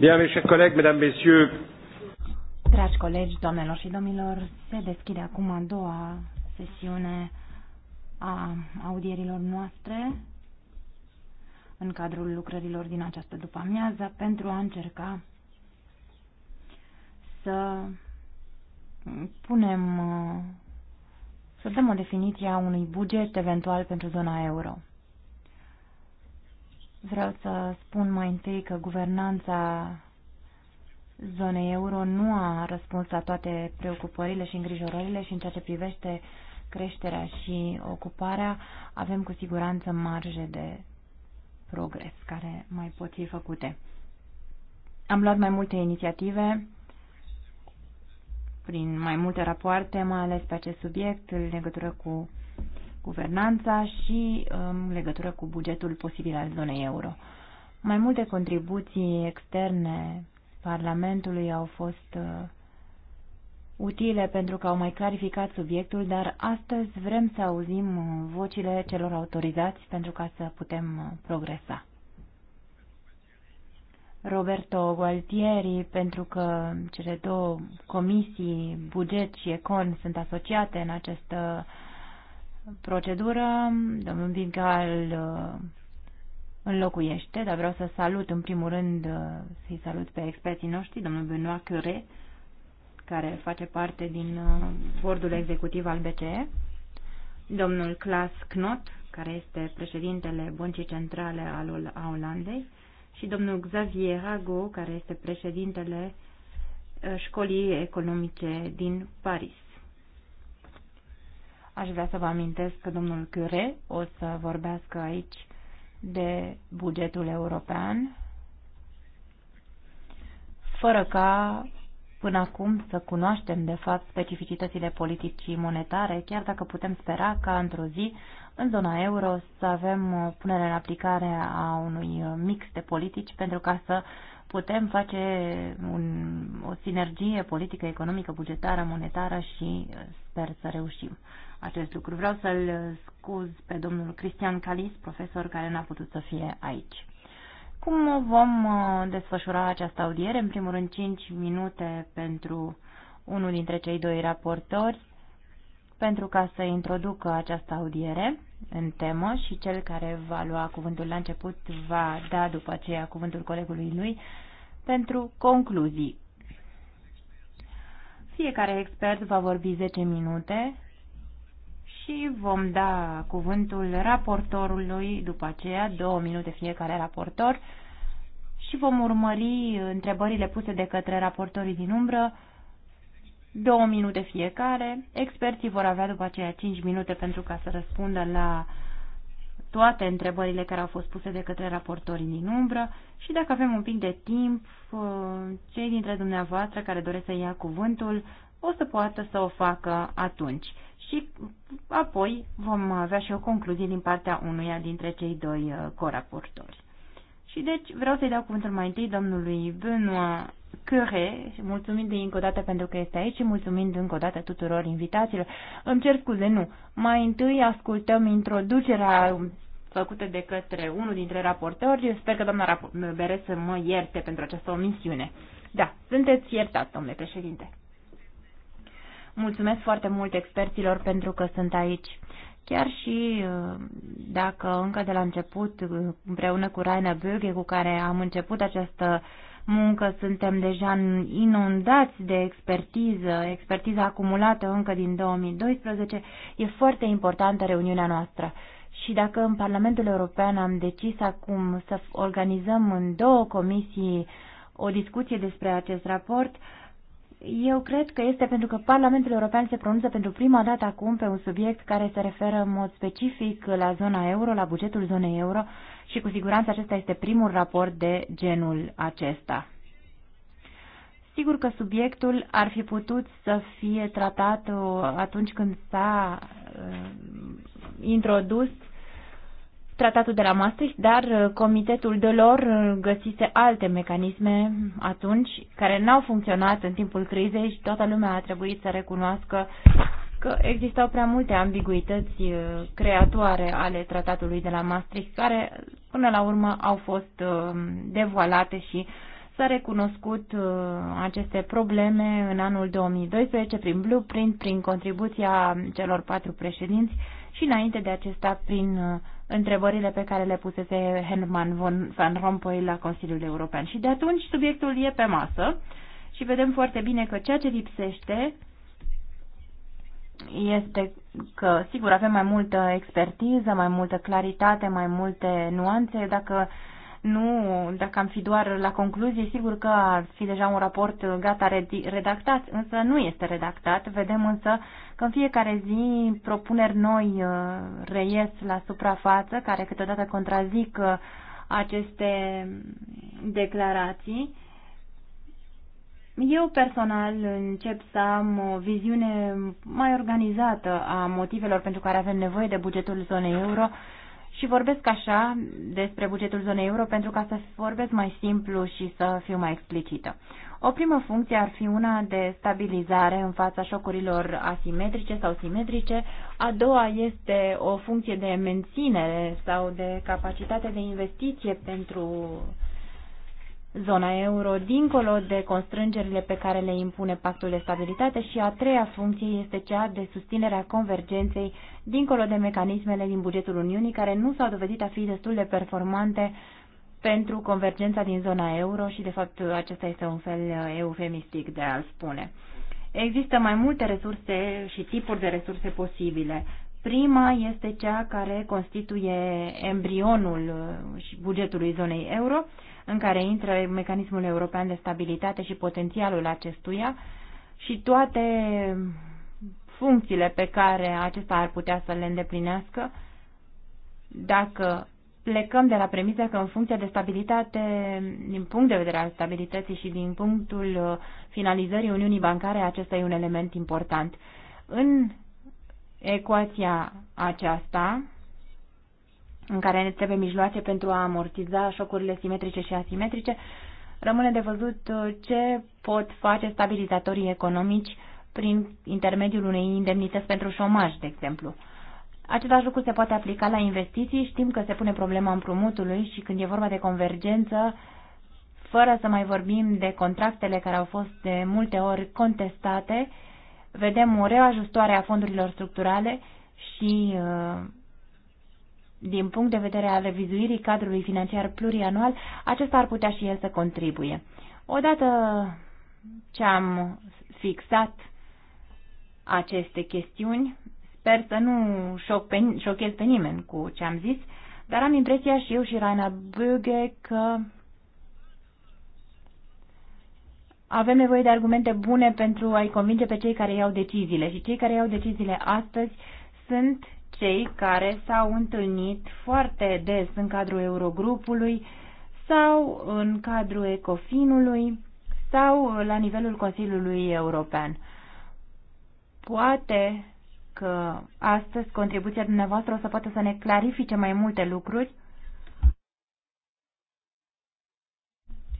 Bien, mes chers collègues, mesdames, messieurs. Dragi colegi, doamnelor și domnilor, se deschide acum a doua sesiune a audierilor noastre în cadrul lucrărilor din această după-amiază pentru a încerca să punem, să dăm o definiție a unui buget eventual pentru zona euro. Vreau să spun mai întâi că guvernanța zonei euro nu a răspuns la toate preocupările și îngrijorările și în ceea ce privește creșterea și ocuparea, avem cu siguranță marge de progres care mai pot fi făcute. Am luat mai multe inițiative prin mai multe rapoarte, mai ales pe acest subiect, în legătură cu guvernanța și în um, legătură cu bugetul posibil al zonei euro. Mai multe contribuții externe Parlamentului au fost uh, utile pentru că au mai clarificat subiectul, dar astăzi vrem să auzim uh, vocile celor autorizați pentru ca să putem uh, progresa. Roberto Gualtieri, pentru că cele două comisii, buget și econ, sunt asociate în această uh, procedură. Domnul Vigal uh, înlocuiește, dar vreau să salut în primul rând, uh, să-i salut pe experții noștri, domnul Benoit Cure, care face parte din uh, bordul executiv al BCE, domnul Klaas Knot, care este președintele Băncii Centrale al Olandei, și domnul Xavier Rago, care este președintele Școlii Economice din Paris. Aș vrea să vă amintesc că domnul Cure o să vorbească aici de bugetul european, fără ca până acum să cunoaștem de fapt specificitățile politicii monetare, chiar dacă putem spera ca într-o zi în zona euro să avem uh, punerea în aplicare a unui uh, mix de politici pentru ca să putem face un, o sinergie politică, economică, bugetară, monetară și uh, sper să reușim acest lucru. Vreau să-l scuz pe domnul Cristian Calis, profesor care n-a putut să fie aici. Cum vom uh, desfășura această audiere? În primul rând, 5 minute pentru unul dintre cei doi raportori pentru ca să introducă această audiere în temă și cel care va lua cuvântul la început va da după aceea cuvântul colegului lui pentru concluzii. Fiecare expert va vorbi 10 minute și vom da cuvântul raportorului după aceea, două minute fiecare raportor, și vom urmări întrebările puse de către raportorii din umbră, două minute fiecare. Experții vor avea după aceea cinci minute pentru ca să răspundă la toate întrebările care au fost puse de către raportorii din umbră și dacă avem un pic de timp, cei dintre dumneavoastră care doresc să ia cuvântul o să poată să o facă atunci. Și apoi vom avea și o concluzie din partea unuia dintre cei doi uh, coraportori. Și deci vreau să-i dau cuvântul mai întâi domnului Benoît Cure, mulțumind încă o dată pentru că este aici și mulțumind încă o dată tuturor invitațiilor. Îmi cer scuze, nu. Mai întâi ascultăm introducerea făcută de către unul dintre raportori. Eu sper că doamna Beres să mă ierte pentru această omisiune. Da, sunteți iertat, domnule președinte. Mulțumesc foarte mult experților pentru că sunt aici. Chiar și uh, dacă încă de la început, uh, împreună cu Raina Böge, cu care am început această muncă, suntem deja inundați de expertiză, expertiza acumulată încă din 2012, e foarte importantă reuniunea noastră. Și dacă în Parlamentul European am decis acum să organizăm în două comisii o discuție despre acest raport, uh, eu cred că este pentru că Parlamentul European se pronunță pentru prima dată acum pe un subiect care se referă în mod specific la zona euro, la bugetul zonei euro și cu siguranță acesta este primul raport de genul acesta. Sigur că subiectul ar fi putut să fie tratat uh, atunci când s-a uh, introdus tratatul de la Maastricht, dar uh, comitetul de lor uh, găsise alte mecanisme atunci care n-au funcționat în timpul crizei și toată lumea a trebuit să recunoască că existau prea multe ambiguități uh, creatoare ale tratatului de la Maastricht care până la urmă au fost devoalate și s-a recunoscut aceste probleme în anul 2012 prin blueprint, prin contribuția celor patru președinți și înainte de acesta prin întrebările pe care le pusese Herman von, van Rompuy la Consiliul European. Și de atunci subiectul e pe masă și vedem foarte bine că ceea ce lipsește este că, sigur, avem mai multă expertiză, mai multă claritate, mai multe nuanțe. Dacă nu, dacă am fi doar la concluzie, sigur că ar fi deja un raport gata redactat, însă nu este redactat. Vedem însă că în fiecare zi propuneri noi uh, reies la suprafață, care câteodată contrazic uh, aceste declarații. Eu personal încep să am o viziune mai organizată a motivelor pentru care avem nevoie de bugetul zonei euro și vorbesc așa despre bugetul zonei euro pentru ca să vorbesc mai simplu și să fiu mai explicită. O primă funcție ar fi una de stabilizare în fața șocurilor asimetrice sau simetrice. A doua este o funcție de menținere sau de capacitate de investiție pentru zona euro, dincolo de constrângerile pe care le impune pactul de stabilitate și a treia funcție este cea de susținerea convergenței, dincolo de mecanismele din bugetul Uniunii, care nu s-au dovedit a fi destul de performante pentru convergența din zona euro și, de fapt, acesta este un fel uh, eufemistic de a-l spune. Există mai multe resurse și tipuri de resurse posibile. Prima este cea care constituie embrionul uh, și bugetului zonei euro, în care intră mecanismul european de stabilitate și potențialul acestuia și toate funcțiile pe care acesta ar putea să le îndeplinească dacă plecăm de la premisa că în funcție de stabilitate, din punct de vedere al stabilității și din punctul uh, finalizării Uniunii Bancare, acesta e un element important. În ecuația aceasta în care ne trebuie mijloace pentru a amortiza șocurile simetrice și asimetrice, rămâne de văzut uh, ce pot face stabilizatorii economici prin intermediul unei indemnități pentru șomaj, de exemplu. Același lucru se poate aplica la investiții, știm că se pune problema împrumutului și când e vorba de convergență, fără să mai vorbim de contractele care au fost de multe ori contestate, vedem o reajustare a fondurilor structurale și uh, din punct de vedere al revizuirii cadrului financiar plurianual, acesta ar putea și el să contribuie. Odată ce am fixat aceste chestiuni, sper să nu șoc pe, șochez pe nimeni cu ce am zis, dar am impresia și eu și Raina Bughe că Avem nevoie de argumente bune pentru a-i convinge pe cei care iau deciziile și cei care iau deciziile astăzi sunt cei care s-au întâlnit foarte des în cadrul Eurogrupului sau în cadrul Ecofinului sau la nivelul Consiliului European. Poate că astăzi contribuția dumneavoastră o să poată să ne clarifice mai multe lucruri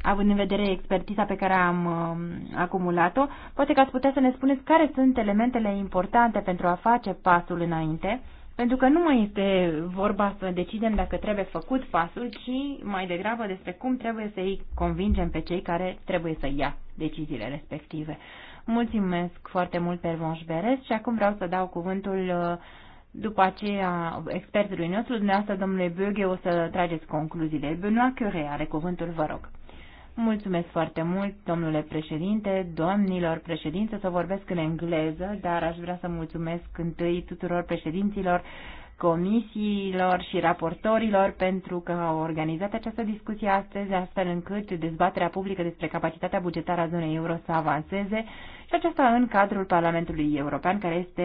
având în vedere expertiza pe care am uh, acumulat-o, poate că ați putea să ne spuneți care sunt elementele importante pentru a face pasul înainte, pentru că nu mai este vorba să decidem dacă trebuie făcut pasul, ci mai degrabă despre cum trebuie să-i convingem pe cei care trebuie să ia deciziile respective. Mulțumesc foarte mult, Pervonș Berez, și acum vreau să dau cuvântul uh, după aceea expertului nostru, dumneavoastră, domnule Böge, o să trageți concluziile. Benoît Curie are cuvântul, vă rog. Mulțumesc foarte mult, domnule președinte, domnilor președinte, să vorbesc în engleză, dar aș vrea să mulțumesc întâi tuturor președinților comisiilor și raportorilor pentru că au organizat această discuție astăzi, astfel încât dezbaterea publică despre capacitatea bugetară a zonei euro să avanseze și aceasta în cadrul Parlamentului European, care este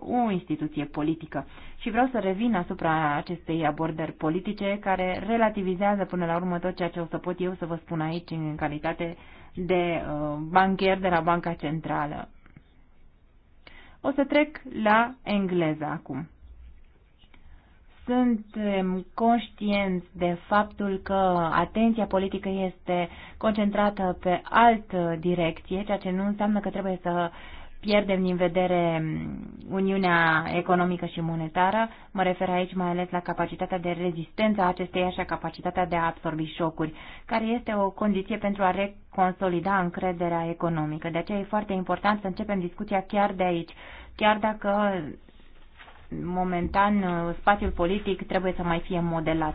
o instituție politică. Și vreau să revin asupra acestei abordări politice care relativizează până la urmă tot ceea ce o să pot eu să vă spun aici în calitate de uh, bancher de la Banca Centrală. O să trec la engleză acum suntem conștienți de faptul că atenția politică este concentrată pe altă direcție, ceea ce nu înseamnă că trebuie să pierdem din vedere Uniunea Economică și Monetară. Mă refer aici mai ales la capacitatea de rezistență a acesteia și a capacitatea de a absorbi șocuri, care este o condiție pentru a reconsolida încrederea economică. De aceea e foarte important să începem discuția chiar de aici, chiar dacă momentan uh, spațiul politic trebuie să mai fie modelat.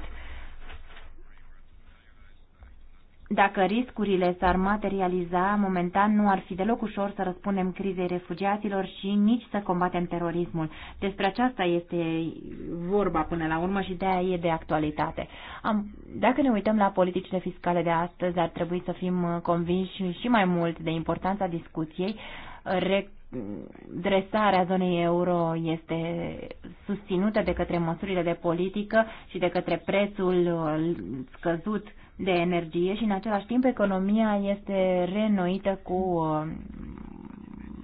Dacă riscurile s-ar materializa, momentan nu ar fi deloc ușor să răspundem crizei refugiaților și nici să combatem terorismul. Despre aceasta este vorba până la urmă și de aia e de actualitate. Am, dacă ne uităm la politicile fiscale de astăzi, ar trebui să fim uh, convinși și mai mult de importanța discuției. Rec dresarea zonei euro este susținută de către măsurile de politică și de către prețul uh, scăzut de energie și în același timp economia este reînnoită cu uh,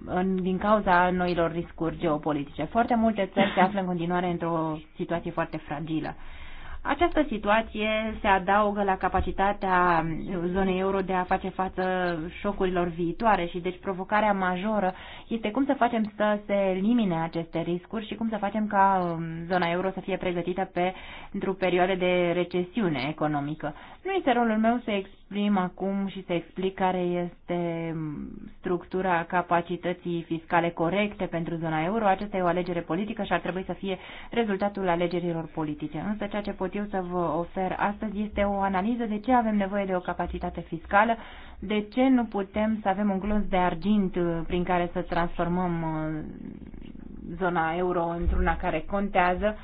în, din cauza noilor riscuri geopolitice. Foarte multe țări se află în continuare într-o situație foarte fragilă. Această situație se adaugă la capacitatea zonei euro de a face față șocurilor viitoare și deci provocarea majoră este cum să facem să se elimine aceste riscuri și cum să facem ca um, zona euro să fie pregătită pentru perioade de recesiune economică. Nu este rolul meu să explic exprim acum și să explic care este structura capacității fiscale corecte pentru zona euro. Aceasta e o alegere politică și ar trebui să fie rezultatul alegerilor politice. Însă ceea ce pot eu să vă ofer astăzi este o analiză de ce avem nevoie de o capacitate fiscală, de ce nu putem să avem un glonț de argint prin care să transformăm uh, zona euro într-una care contează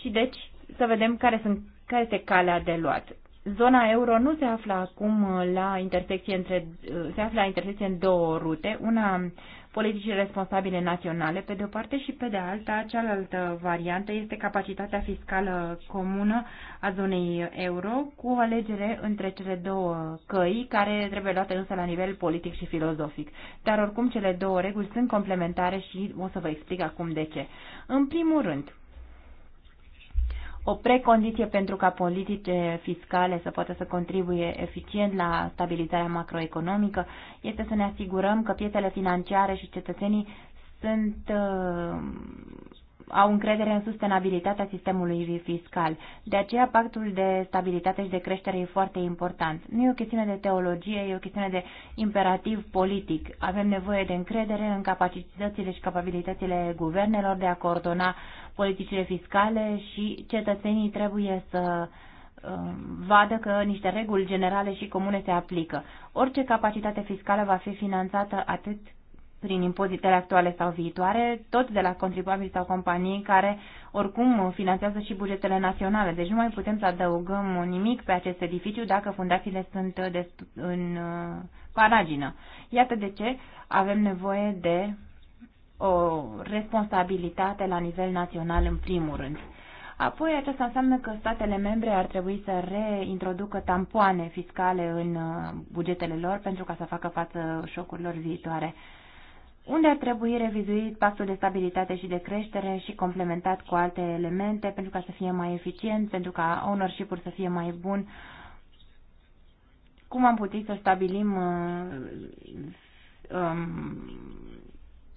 și deci să vedem care, sunt, care este calea de luat. Zona euro nu se află acum la intersecție între, se află la intersecție în două rute, una politicii responsabile naționale, pe de o parte, și pe de alta, cealaltă variantă este capacitatea fiscală comună a zonei euro, cu o alegere între cele două căi, care trebuie luate însă la nivel politic și filozofic. Dar oricum cele două reguli sunt complementare și o să vă explic acum de ce. În primul rând, o precondiție pentru ca politice fiscale să poată să contribuie eficient la stabilizarea macroeconomică este să ne asigurăm că piețele financiare și cetățenii sunt uh, au încredere în sustenabilitatea sistemului fiscal. De aceea, pactul de stabilitate și de creștere e foarte important. Nu e o chestiune de teologie, e o chestiune de imperativ politic. Avem nevoie de încredere în capacitățile și capabilitățile guvernelor de a coordona politicile fiscale și cetățenii trebuie să um, vadă că niște reguli generale și comune se aplică. Orice capacitate fiscală va fi finanțată atât prin impozitele actuale sau viitoare, tot de la contribuabili sau companii care oricum finanțează și bugetele naționale. Deci nu mai putem să adăugăm nimic pe acest edificiu dacă fundațiile sunt în uh, paragină. Iată de ce avem nevoie de o responsabilitate la nivel național în primul rând. Apoi aceasta înseamnă că statele membre ar trebui să reintroducă tampoane fiscale în uh, bugetele lor pentru ca să facă față șocurilor viitoare unde ar trebui revizuit pactul de stabilitate și de creștere și complementat cu alte elemente pentru ca să fie mai eficient, pentru ca ownership-ul să fie mai bun. Cum am putut să stabilim uh, um,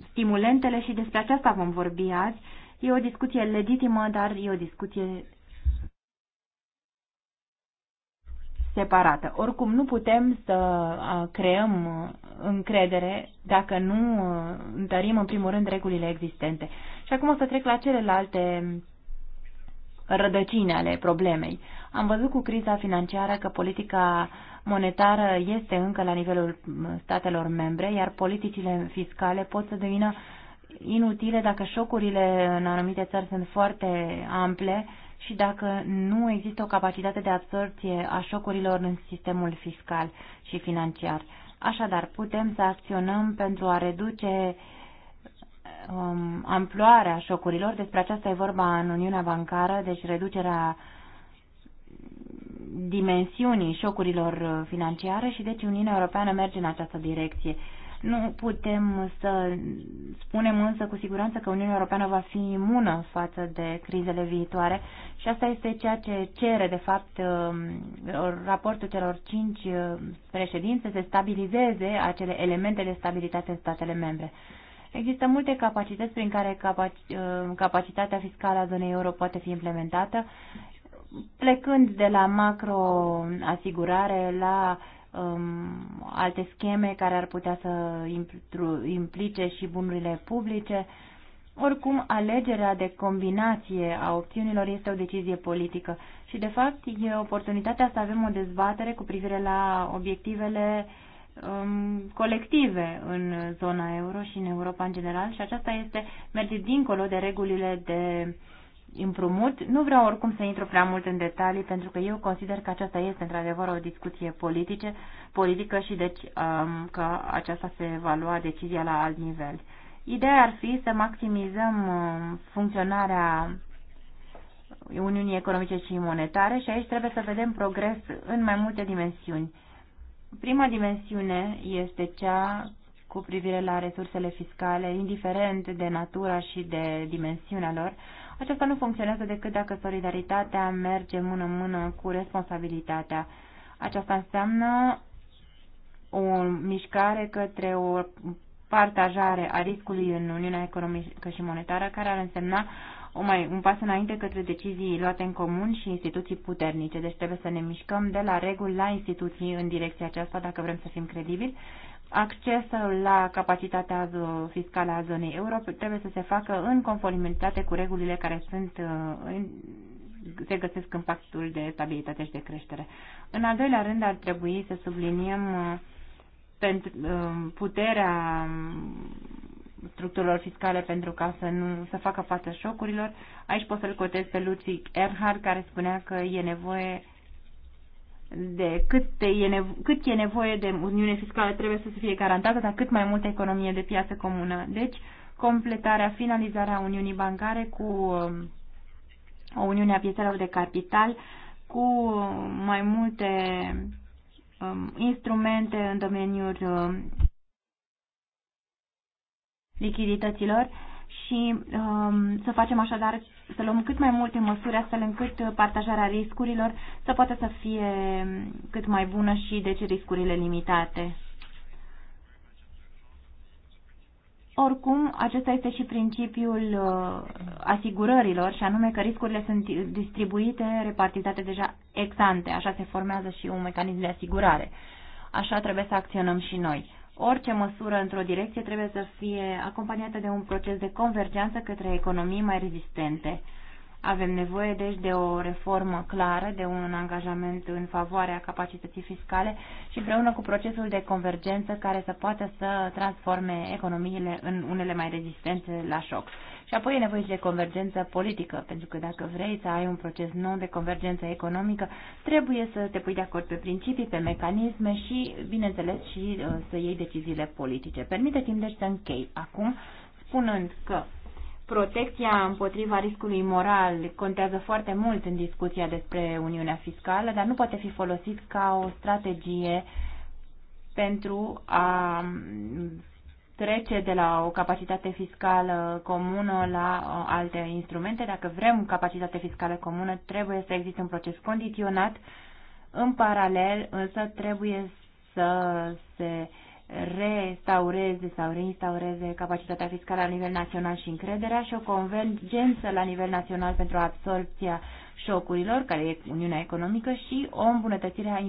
stimulentele și despre aceasta vom vorbi azi. E o discuție legitimă, dar e o discuție separată. Oricum, nu putem să creăm uh, încredere dacă nu uh, întărim, în primul rând, regulile existente. Și acum o să trec la celelalte rădăcini ale problemei. Am văzut cu criza financiară că politica monetară este încă la nivelul statelor membre, iar politicile fiscale pot să devină inutile dacă șocurile în anumite țări sunt foarte ample și dacă nu există o capacitate de absorție a șocurilor în sistemul fiscal și financiar. Așadar, putem să acționăm pentru a reduce um, amploarea șocurilor. Despre aceasta e vorba în Uniunea Bancară, deci reducerea dimensiunii șocurilor uh, financiare și deci Uniunea Europeană merge în această direcție. Nu putem să spunem însă cu siguranță că Uniunea Europeană va fi imună față de crizele viitoare și asta este ceea ce cere, de fapt, um, raportul celor cinci uh, președințe să se stabilizeze acele elemente de stabilitate în statele membre. Există multe capacități prin care uh, capacitatea fiscală a zonei euro poate fi implementată, plecând de la macroasigurare la um, alte scheme care ar putea să implice și bunurile publice. Oricum, alegerea de combinație a opțiunilor este o decizie politică și, de fapt, e oportunitatea să avem o dezbatere cu privire la obiectivele um, colective în zona euro și în Europa în general și aceasta este merge dincolo de regulile de uh, împrumut. Nu vreau oricum să intru prea mult în detalii, pentru că eu consider că aceasta este într-adevăr o discuție politice, politică și deci um, că aceasta se va lua decizia la alt nivel. Ideea ar fi să maximizăm um, funcționarea Uniunii Economice și Monetare și aici trebuie să vedem progres în mai multe dimensiuni. Prima dimensiune este cea cu privire la resursele fiscale, indiferent de natura și de dimensiunea lor, aceasta nu funcționează decât dacă solidaritatea merge mână-mână cu responsabilitatea. Aceasta înseamnă o mișcare către o partajare a riscului în Uniunea Economică și Monetară, care ar însemna o mai, un pas înainte către decizii luate în comun și instituții puternice. Deci trebuie să ne mișcăm de la reguli la instituții în direcția aceasta dacă vrem să fim credibili accesul la capacitatea fiscală a zonei euro trebuie să se facă în conformitate cu regulile care sunt uh, în, se găsesc în pactul de stabilitate și de creștere. În al doilea rând ar trebui să subliniem uh, pentru, uh, puterea um, structurilor fiscale pentru ca să nu să facă față șocurilor. Aici pot să-l cotez pe Lucic Erhard, care spunea că e nevoie de cât, e nevo- cât e nevoie de uniune fiscală trebuie să fie garantată, dar cât mai multă economie de piață comună. Deci, completarea, finalizarea Uniunii Bancare cu um, o Uniune a Piețelor de Capital, cu mai multe um, instrumente în domeniul um, lichidităților și um, să facem așadar, să luăm cât mai multe măsuri astfel încât partajarea riscurilor să poată să fie cât mai bună și deci riscurile limitate. Oricum, acesta este și principiul uh, asigurărilor, și anume că riscurile sunt distribuite, repartizate deja ex ante, așa se formează și un mecanism de asigurare. Așa trebuie să acționăm și noi. Orice măsură într-o direcție trebuie să fie acompaniată de un proces de convergență către economii mai rezistente. Avem nevoie, deci, de o reformă clară, de un angajament în favoarea capacității fiscale și împreună cu procesul de convergență care să poată să transforme economiile în unele mai rezistente la șoc. Și apoi e nevoie și de convergență politică, pentru că dacă vrei să ai un proces nou de convergență economică, trebuie să te pui de acord pe principii, pe mecanisme și, bineînțeles, și uh, să iei deciziile politice. Permite-mi deci să închei acum spunând că protecția împotriva riscului moral contează foarte mult în discuția despre Uniunea Fiscală, dar nu poate fi folosit ca o strategie pentru a trece de la o capacitate fiscală comună la uh, alte instrumente. Dacă vrem capacitate fiscală comună, trebuie să existe un proces condiționat. În paralel, însă, trebuie să se restaureze sau reinstaureze capacitatea fiscală la nivel național și încrederea și o convergență la nivel național pentru absorpția șocurilor, care e Uniunea Economică, și o îmbunătățire a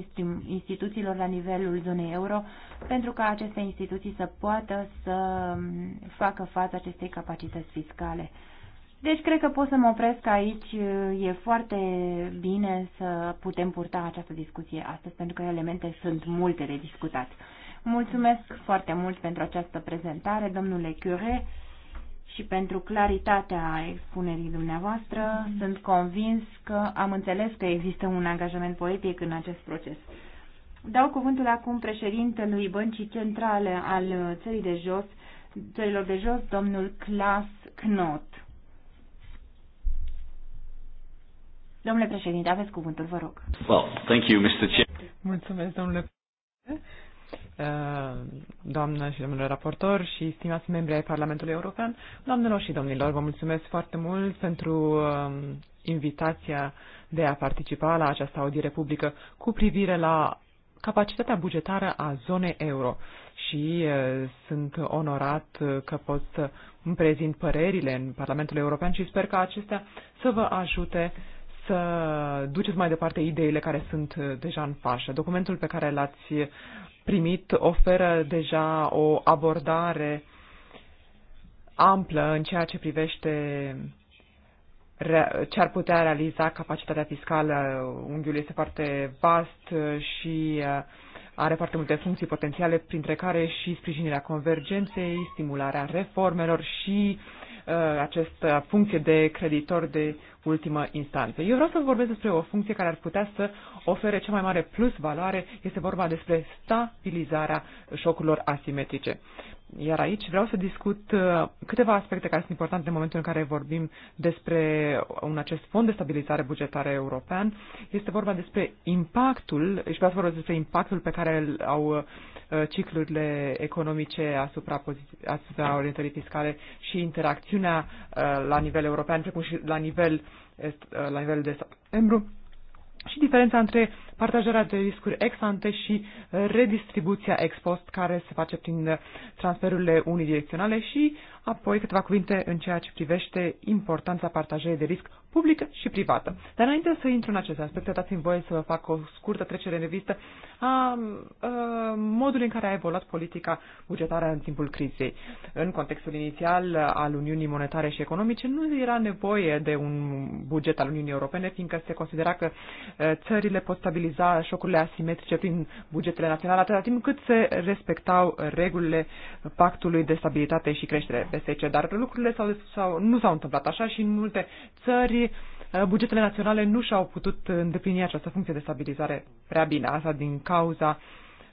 instituțiilor la nivelul zonei euro, pentru ca aceste instituții să poată să mm, facă față acestei capacități fiscale. Deci cred că pot să mă opresc aici. E foarte bine să putem purta această discuție astăzi, pentru că elemente sunt multe de discutat. Mulțumesc foarte mult pentru această prezentare, domnule Cure și pentru claritatea expunerii dumneavoastră. Mhm. Sunt convins că am înțeles că există un angajament politic în acest proces. Dau cuvântul acum președintelui Băncii Centrale al țării de jos, țărilor de jos, domnul Clas Knot. Domnule președinte, aveți cuvântul, vă rog. Well, thank you, Mr. Mulțumesc, domnule președinte. Uh, doamnă și domnule raportor și stimați membri ai Parlamentului European, doamnelor și domnilor, vă mulțumesc foarte mult pentru um, invitația de a participa la această audiere publică cu privire la capacitatea bugetară a zonei euro și uh, sunt onorat uh, că pot să îmi prezint părerile în Parlamentul European și sper că acestea să vă ajute să duceți mai departe ideile care sunt deja în fașă. Documentul pe care l-ați primit oferă deja o abordare amplă în ceea ce privește ce ar putea realiza capacitatea fiscală. Unghiul este foarte vast și uh, are foarte multe funcții potențiale, printre care și sprijinirea convergenței, stimularea reformelor și uh, această funcție de creditor de ultimă instanță. Eu vreau să vorbesc despre o funcție care ar putea să ofere cea mai mare plus valoare, este vorba despre stabilizarea șocurilor asimetrice. Iar aici vreau să discut uh, câteva aspecte care sunt importante în momentul în care vorbim despre un acest fond de stabilizare bugetară european. Este vorba despre impactul, și vreau să vorbesc despre impactul pe care îl au uh, ciclurile economice asupra, asupra orientării fiscale și interacțiunea uh, la nivel european, precum și la nivel, la nivel de membru și diferența între partajarea de riscuri ex ante și redistribuția ex post care se face prin transferurile unidirecționale și apoi câteva cuvinte în ceea ce privește importanța partajării de risc publică și privată. Dar înainte să intru în aceste aspecte, dați-mi voie să vă fac o scurtă trecere în revistă a, a modului în care a evoluat politica bugetară în timpul crizei. În contextul inițial al Uniunii Monetare și Economice nu era nevoie de un buget al Uniunii Europene, fiindcă se considera că ă, țările pot stabiliza realiza șocurile asimetrice prin bugetele naționale, atâta timp cât se respectau regulile pactului de stabilitate și creștere PSC. Dar lucrurile s-au, s-au, nu s-au întâmplat așa și în multe țări eh, bugetele naționale nu și-au putut îndeplini această funcție de stabilizare prea bine. Asta din cauza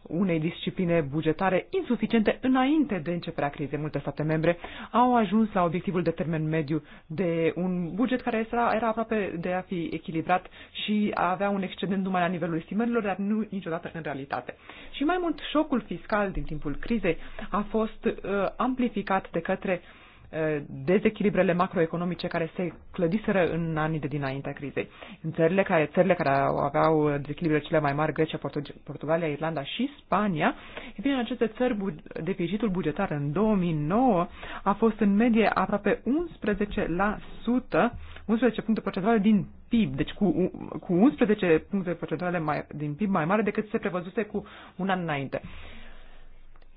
unei discipline bugetare insuficiente înainte de începerea crizei. Multe state membre au ajuns la obiectivul de termen mediu de un buget care era, era aproape de a fi echilibrat și avea un excedent numai la nivelul estimărilor, dar nu niciodată în realitate. Și mai mult, șocul fiscal din timpul crizei a fost uh, amplificat de către uh, Eh, dezechilibrele macroeconomice care se clădiseră în anii de dinaintea crizei. În țările care, țările care aveau dezechilibrele cele mai mari, Grecia, Portugalia, Irlanda și Spania, e bine, în aceste țări deficitul bugetar în 2009 a fost în medie aproape 11%, 11 puncte procentuale din PIB, deci cu, cu 11 puncte procentuale mai, din PIB mai mare decât se prevăzuse cu un an înainte.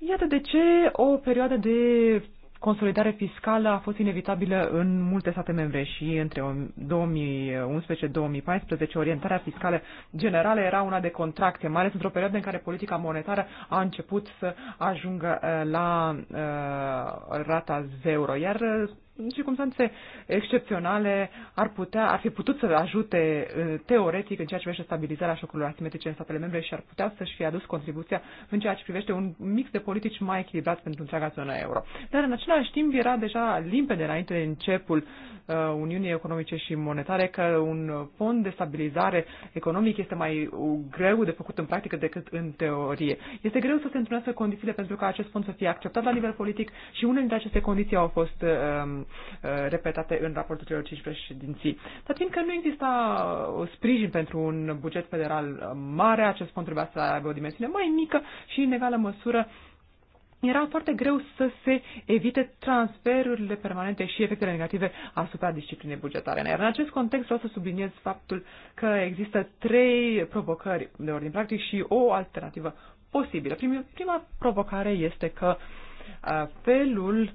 Iată de ce o perioadă de consolidare fiscală a fost inevitabilă în multe state membre și între 2011-2014 orientarea fiscală generală era una de contracție, mai ales într-o perioadă în care politica monetară a început să ajungă eh, la uh, rata zero, iar circunstanțe excepționale ar putea, ar fi putut să ajute uh, teoretic în ceea ce privește stabilizarea șocurilor asimetrice în statele membre și ar putea să-și fie adus contribuția în ceea ce privește un mix de politici mai echilibrat pentru întreaga zonă euro. Dar în același timp era deja limpede înainte de începul Uh, Uniunii Economice și Monetare că un fond de stabilizare economic este mai greu de făcut în practică decât în teorie. Este greu să se întâlnească condițiile pentru ca acest fond să fie acceptat la nivel politic și unele dintre aceste condiții au fost uh, um, uh repetate în raportul celor 5 președinții. Dar fiindcă nu exista uh, sprijin pentru un buget federal mare, acest fond trebuia să aibă o dimensiune mai mică și în egală măsură uh, era foarte greu să se evite transferurile permanente și efectele negative asupra disciplinei bugetare. Iar în acest context vreau să subliniez faptul că există trei provocări de ordin practic și o alternativă posibilă. Prima provocare este că felul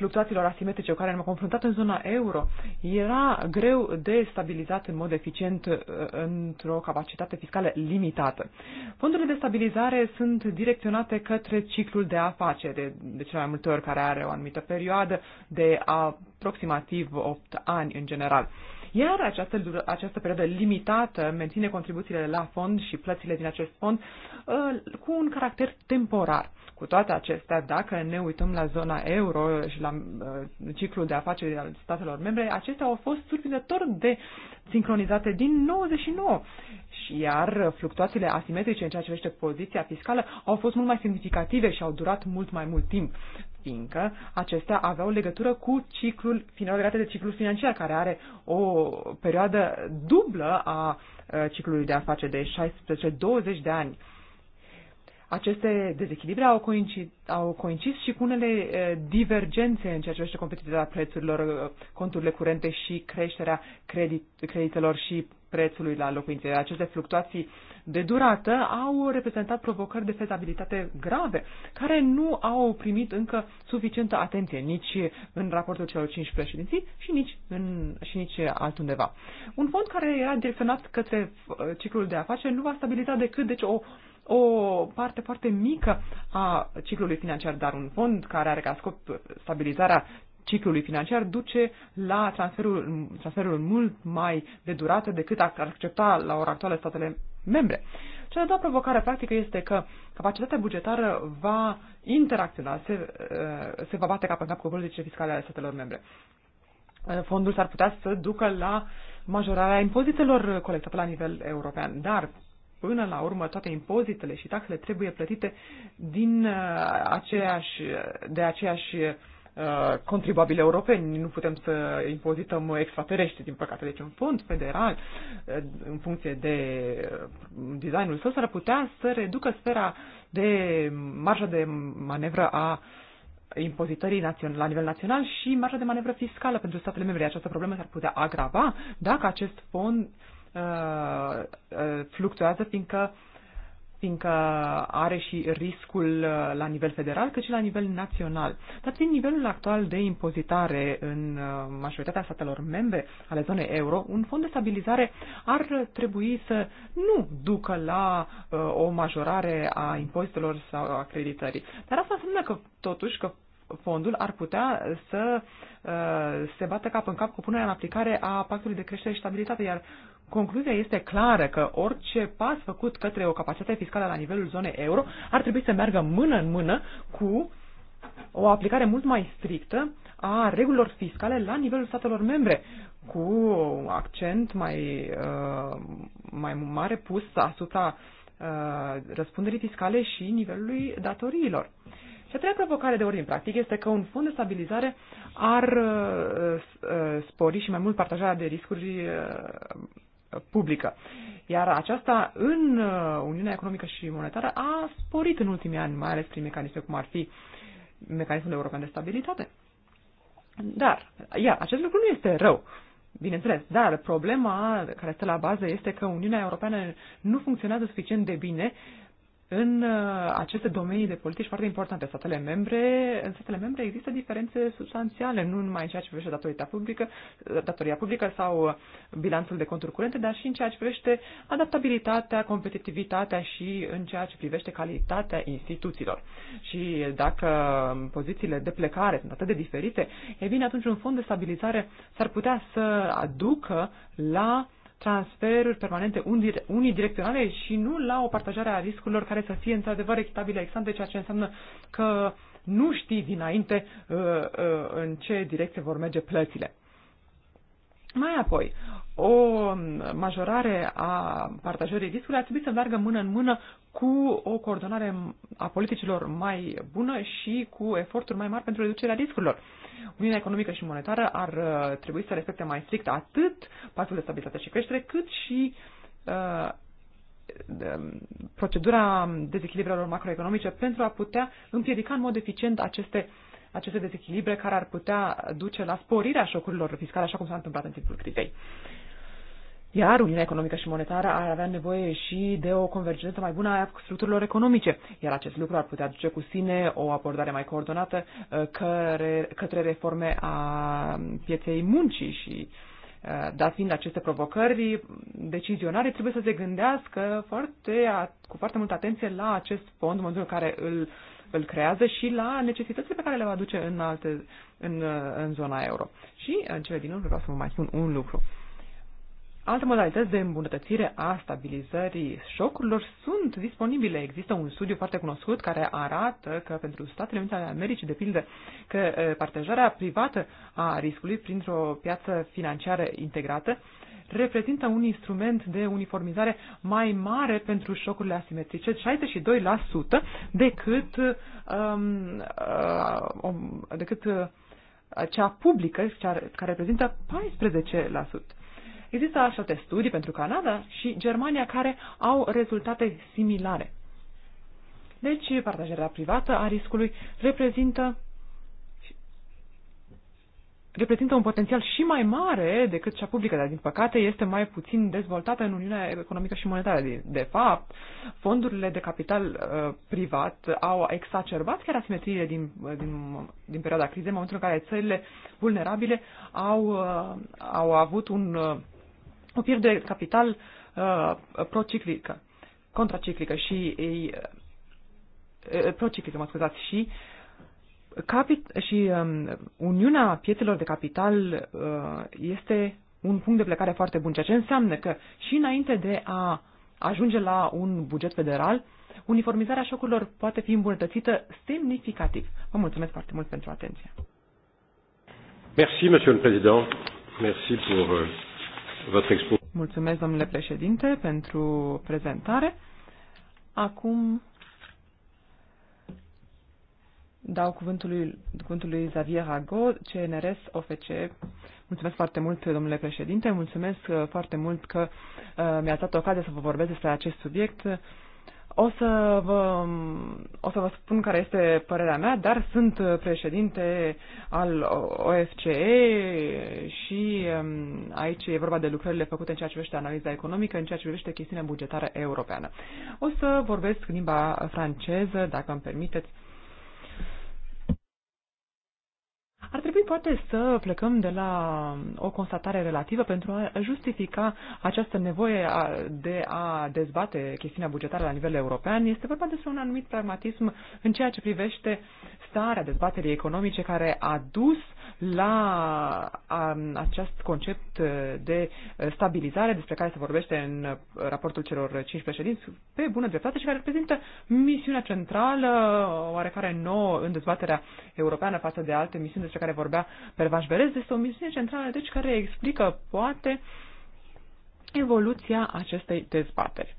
fluctuațiilor asimetrice cu care ne-am confruntat în zona euro, era greu de stabilizat în mod eficient uh, într-o capacitate fiscală limitată. Fondurile de stabilizare sunt direcționate către ciclul de afaceri, de, de cele mai multe ori care are o anumită perioadă de aproximativ 8 ani în general. Iar această, această perioadă limitată menține contribuțiile la fond și plățile din acest fond uh, cu un caracter temporar. Cu toate acestea, dacă ne uităm la zona euro și la uh, ciclul de afaceri al statelor membre, acestea au fost surprinzător de sincronizate din 99. Și iar fluctuațiile asimetrice în ceea ce privește poziția fiscală au fost mult mai semnificative și au durat mult mai mult timp, fiindcă acestea aveau legătură cu ciclul, legate de ciclul financiar, care are o perioadă dublă a uh, ciclului de afaceri de 16-20 de ani. Aceste dezechilibre au, coincid, au coincis și cu unele divergențe în ceea ce privește competitivitatea prețurilor, conturile curente și creșterea credit, creditelor și prețului la locuințe. Aceste fluctuații de durată au reprezentat provocări de fezabilitate grave, care nu au primit încă suficientă atenție nici în raportul celor cinci președinții și nici, în, și nici altundeva. Un fond care era direcționat către ciclul de afaceri nu va stabiliza decât deci, o o parte foarte mică a ciclului financiar, dar un fond care are ca scop stabilizarea ciclului financiar duce la transferul, transferul mult mai de durată decât ar accepta la ora actuală statele membre. Cea de-a doua provocare practică este că capacitatea bugetară va interacționa, se, uh, se va bate cap în cap cu politicile fiscale ale statelor membre. Uh, fondul s-ar putea să ducă la majorarea impozitelor colectate la nivel european, dar până la urmă toate impozitele și taxele trebuie plătite din uh, aceeași, de aceeași uh, contribuabili europeni. Nu putem să impozităm extraterestri, din păcate. Deci un fond federal, uh, în funcție de designul său, s-ar putea să reducă sfera de marja de manevră a impozitării la nivel național și marja de manevră fiscală pentru statele membre. Această problemă s-ar putea agrava dacă acest fond Uh, uh, fluctuează, fiindcă fiindcă are și riscul uh, la nivel federal, cât și la nivel național. Dar fiind nivelul actual de impozitare în majoritatea statelor membre ale zonei euro, un fond de stabilizare ar trebui să nu ducă la o majorare a impozitelor sau a creditării. Dar asta înseamnă că, totuși, că fondul ar putea să uh, se bată cap în cap cu punerea în aplicare a pactului de creștere și stabilitate, iar concluzia este clară că orice pas făcut către o capacitate fiscală la nivelul zonei euro ar trebui să meargă mână în mână cu o aplicare mult mai strictă a regulilor fiscale la nivelul statelor membre, cu accent mai, uh, mai mare pus asupra uh, răspunderii fiscale și nivelului datoriilor. Și a treia provocare de ordin practic este că un fond de stabilizare ar uh, spori și mai mult partajarea de riscuri publică. Iar aceasta în uh, Uniunea Economică și Monetară a sporit în ultimii ani, mai ales prin mecanisme cum ar fi mecanismul european de stabilitate. Dar, iar, acest lucru nu este rău. Bineînțeles, dar problema care stă la bază este că Uniunea Europeană nu funcționează suficient de bine în uh, aceste domenii de politici foarte importante. Statele membre, în statele membre există diferențe substanțiale, nu numai în ceea ce privește datoria publică, datoria publică sau uh, bilanțul de conturi curente, dar și în ceea ce privește adaptabilitatea, competitivitatea și în ceea ce privește calitatea instituțiilor. Și dacă pozițiile de plecare sunt atât de diferite, e bine, atunci un fond de stabilizare s-ar putea să aducă la uh, transferuri permanente unidirecționale și nu la o partajare a riscurilor care să fie într-adevăr echitabilă ex exact ceea ce înseamnă că nu știi dinainte uh, uh, în ce direcție vor merge plățile. Mai apoi, o majorare a partajării riscului ar trebui să meargă mână în mână cu o coordonare a politicilor mai bună și cu eforturi mai mari pentru reducerea riscurilor. Uniunea Economică și Monetară ar uh, trebui să respecte mai strict atât pactul de stabilitate și creștere, cât și uh, um, procedura dezechilibrelor macroeconomice pentru a putea împiedica în mod eficient aceste, aceste dezechilibre care ar putea duce la sporirea șocurilor fiscale, așa cum s-a întâmplat în timpul crizei. Uh, iar Uniunea Economică și Monetară ar avea nevoie și de o convergență mai bună a structurilor economice, iar acest lucru ar putea duce cu sine o abordare mai coordonată uh, către reforme a pieței muncii și uh, dar fiind aceste provocări, decizionare trebuie să se gândească foarte, cu foarte multă atenție la acest fond, în în care îl, îl creează și la necesitățile pe care le va duce în, alte, în, uh, în zona euro. Și, în cele din urmă, vreau să vă mai spun un lucru. Alte modalități de îmbunătățire a stabilizării șocurilor sunt disponibile. Există un studiu foarte cunoscut care arată că pentru Statele Unite ale Americii, de pildă, că partajarea privată a riscului printr-o piață financiară integrată reprezintă un instrument de uniformizare mai mare pentru șocurile asimetrice, 62% decât, um, um, decât uh, cea publică, cea, care reprezintă 14%. Există așate studii pentru Canada și Germania care au rezultate similare. Deci, partajarea privată a riscului reprezintă reprezintă un potențial și mai mare decât cea publică, dar din păcate este mai puțin dezvoltată în Uniunea Economică și Monetară. De fapt, fondurile de capital uh, privat au exacerbat chiar asimetriile din, uh, din, din perioada crizei, în momentul în care țările vulnerabile au, uh, au avut un uh, o pierdere de capital uh, prociclică, contraciclică și uh, uh, prociclică, mă scuzați, și Capit- și um, Uniunea Piețelor de Capital uh, este un punct de plecare foarte bun, ceea ce înseamnă că și înainte de a ajunge la un buget federal, uniformizarea șocurilor poate fi îmbunătățită semnificativ. Vă mulțumesc foarte mult pentru atenție. Merci, Monsieur le Président. Merci pour euh, Mulțumesc, domnule președinte, pentru prezentare. Acum dau cuvântul lui, cuvântul lui Xavier Rago, CNRS OFC. Mulțumesc foarte mult, domnule președinte, mulțumesc uh, foarte mult că uh, mi-ați dat ocazia să vă vorbesc despre acest subiect. O să, vă, o să vă spun care este părerea mea, dar sunt președinte al OFCE și um, aici e vorba de lucrările făcute în ceea ce privește analiza economică, în ceea ce privește chestiunea bugetară europeană. O să vorbesc limba franceză, dacă îmi permiteți, Ar trebui poate să plecăm de la o constatare relativă pentru a justifica această nevoie de a dezbate chestiunea bugetară la nivel european. Este vorba despre un anumit pragmatism în ceea ce privește starea dezbaterii economice care a dus la acest concept de stabilizare despre care se vorbește în raportul celor cinci președinți pe bună dreptate și care reprezintă misiunea centrală oarecare nouă în dezbaterea europeană față de alte misiuni despre care vorbea Pervaș Berez, este o misiune centrală, deci, care explică, poate, evoluția acestei dezbateri.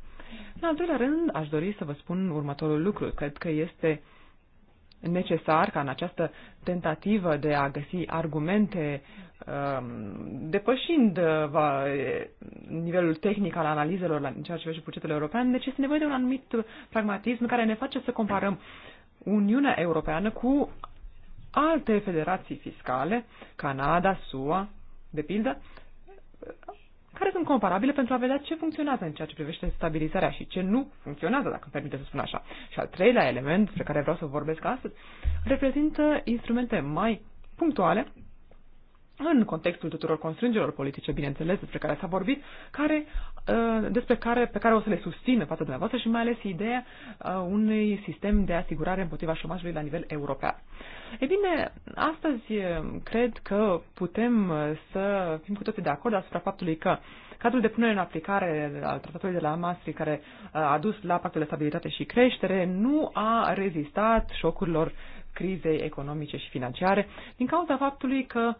În al doilea rând, aș dori să vă spun următorul lucru. Cred că este necesar ca în această tentativă de a găsi argumente um, depășind uh, nivelul tehnic al analizelor în ceea ce privește bugetul european, deci este nevoie de un anumit pragmatism care ne face să comparăm Uniunea Europeană cu alte federații fiscale, Canada, SUA, de pildă, care sunt comparabile pentru a vedea ce funcționează în ceea ce privește stabilizarea și ce nu funcționează, dacă îmi permite să spun așa. Și al treilea element despre care vreau să vorbesc astăzi reprezintă instrumente mai punctuale în contextul tuturor constrângerilor politice, bineînțeles, despre care s-a vorbit, care, uh, despre care, pe care o să le susțin în fața dumneavoastră și mai ales ideea uh, unui sistem de asigurare împotriva șomajului la nivel european. E bine, astăzi uh, cred că putem să fim cu toții de acord asupra faptului că cadrul de punere în aplicare al tratatului de la Maastricht, care a dus la pactul de stabilitate și creștere, nu a rezistat șocurilor crizei economice și financiare din cauza faptului că uh,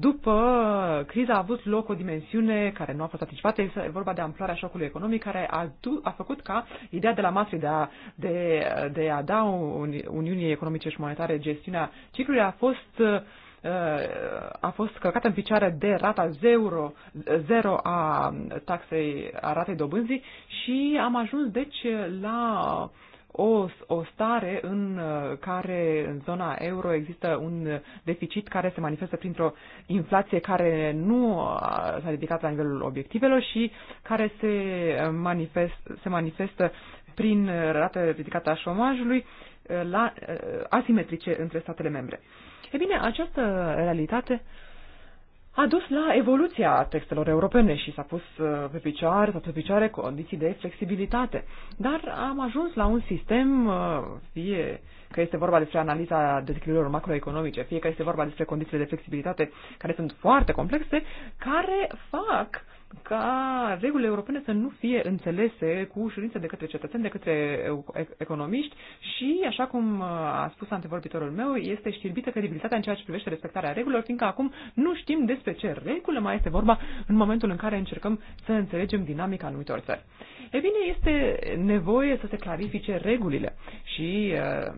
după criza a avut loc o dimensiune care nu a fost anticipată, este vorba de amploarea șocului economic care a, du- a făcut ca ideea de la Maastricht de a, de, de a da Uni- Uniunii Economice și Monetare gestiunea ciclului a fost uh, a fost călcată în picioare de rata zero, zero a taxei, a ratei dobânzii și am ajuns deci la o, o stare în uh, care în zona euro există un deficit care se manifestă printr-o inflație care nu uh, s-a ridicat la nivelul obiectivelor și care se, uh, manifest, se manifestă prin rată ridicată a șomajului la, asimetrice între statele membre. E bine, această realitate uh, a dus la evoluția textelor europene și s-a pus uh, pe picioare, s-a pus pe picioare condiții de flexibilitate. Dar am ajuns la un sistem, uh, fie că este vorba despre analiza descrierilor macroeconomice, fie că este vorba despre condițiile de flexibilitate care sunt foarte complexe, care fac ca regulile europene să nu fie înțelese cu ușurință de către cetățeni, de către economiști și, așa cum a spus antevorbitorul meu, este știrbită credibilitatea în ceea ce privește respectarea regulilor, fiindcă acum nu știm despre ce regulă mai este vorba în momentul în care încercăm să înțelegem dinamica anumitor țări. E bine, este nevoie să se clarifice regulile și uh,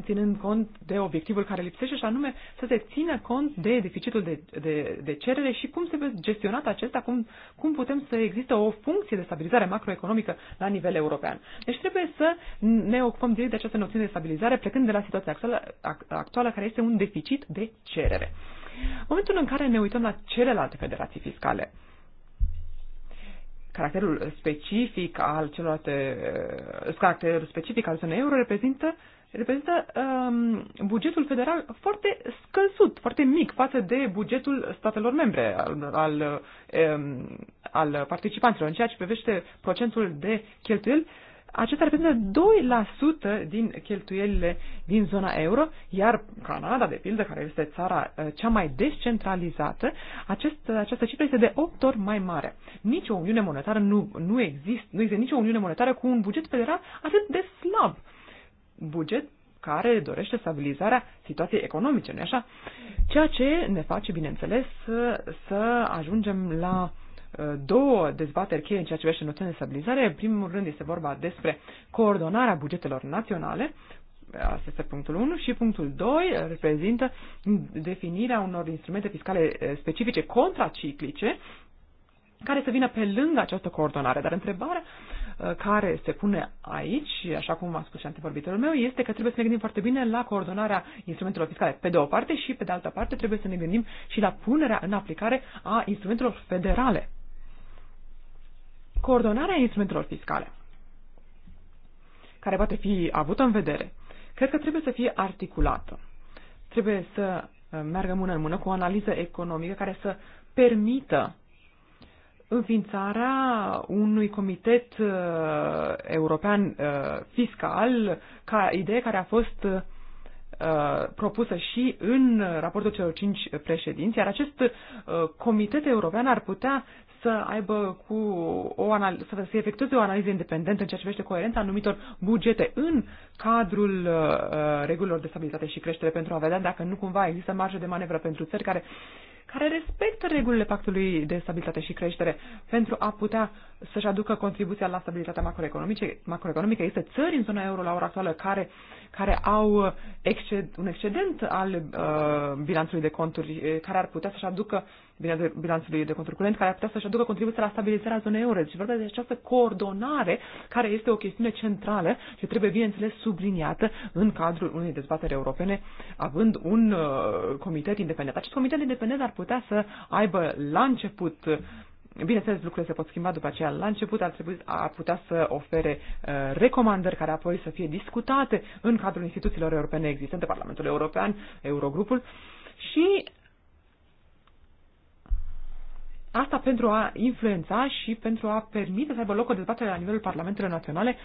ținând cont de obiectivul care lipsește și anume să se țină cont de deficitul de, de, de cerere și cum se trebuie gestionat acesta, cum, cum putem să există o funcție de stabilizare macroeconomică la nivel european. Deci trebuie să ne ocupăm direct de această noțiune de stabilizare plecând de la situația actuală, actuală care este un deficit de cerere. Momentul în care ne uităm la celelalte federații fiscale, caracterul specific al celorlalte, uh, caracterul specific al zonei euro reprezintă uh, reprezintă um, bugetul federal foarte scăzut, foarte mic față de bugetul statelor membre al, al, um, al participanților. În ceea ce privește procentul de cheltuieli, acesta reprezintă 2% din cheltuielile din zona euro, iar Canada, de pildă, care este țara uh, cea mai descentralizată, acest, această cifră este de 8 ori mai mare. Nici o uniune monetară nu, nu există, nu există nicio uniune monetară cu un buget federal atât de slab buget care dorește stabilizarea situației economice, nu așa? Ceea ce ne face, bineînțeles, să, să ajungem la ă, două dezbateri cheie în ceea ce privește noțiunea de stabilizare. În primul rând este vorba despre coordonarea bugetelor naționale, asta este punctul 1, și punctul 2 reprezintă definirea unor instrumente fiscale ă, specifice contraciclice, care să vină pe lângă această coordonare. Dar întrebarea Uh, care se pune aici, așa cum a spus și antevorbitorul meu, este că trebuie să ne gândim foarte bine la coordonarea instrumentelor fiscale pe de o parte și pe de altă parte trebuie să ne gândim și la punerea în aplicare a instrumentelor federale. Coordonarea instrumentelor fiscale care poate fi avută în vedere, cred că trebuie să fie articulată. Trebuie să uh, meargă mână în mână cu o analiză economică care să permită înființarea unui comitet uh, european uh, fiscal ca idee care a fost uh, propusă și în raportul celor cinci președinți, iar acest uh, comitet european ar putea să aibă cu o anal- să se efectueze o analiză independentă în ceea ce privește coerența anumitor bugete în cadrul uh, uh, regulilor de stabilitate și creștere pentru a vedea dacă nu cumva există marjă de manevră pentru țări care, care respectă regulile pactului de stabilitate și creștere pentru a putea să-și aducă contribuția la stabilitatea macroeconomică. macroeconomică. este țări în zona euro la ora actuală care, care au exced, un excedent al uh, bilanțului de conturi uh, care ar putea să-și aducă bilanțului de conturi curent, care ar putea să-și aducă contribuția la stabilizarea zonei euro. Deci vorbim de această coordonare care este o chestiune centrală și trebuie, bineînțeles, sub subliniată în cadrul unei dezbateri europene, având un uh, comitet independent. Acest comitet independent ar putea să aibă la început Bineînțeles, lucrurile se pot schimba după aceea. La început ar trebui a putea să ofere uh, recomandări care apoi să fie discutate în cadrul instituțiilor europene existente, Parlamentul European, Eurogrupul și asta pentru a influența și pentru a permite să aibă loc o dezbatere la nivelul Parlamentelor Naționale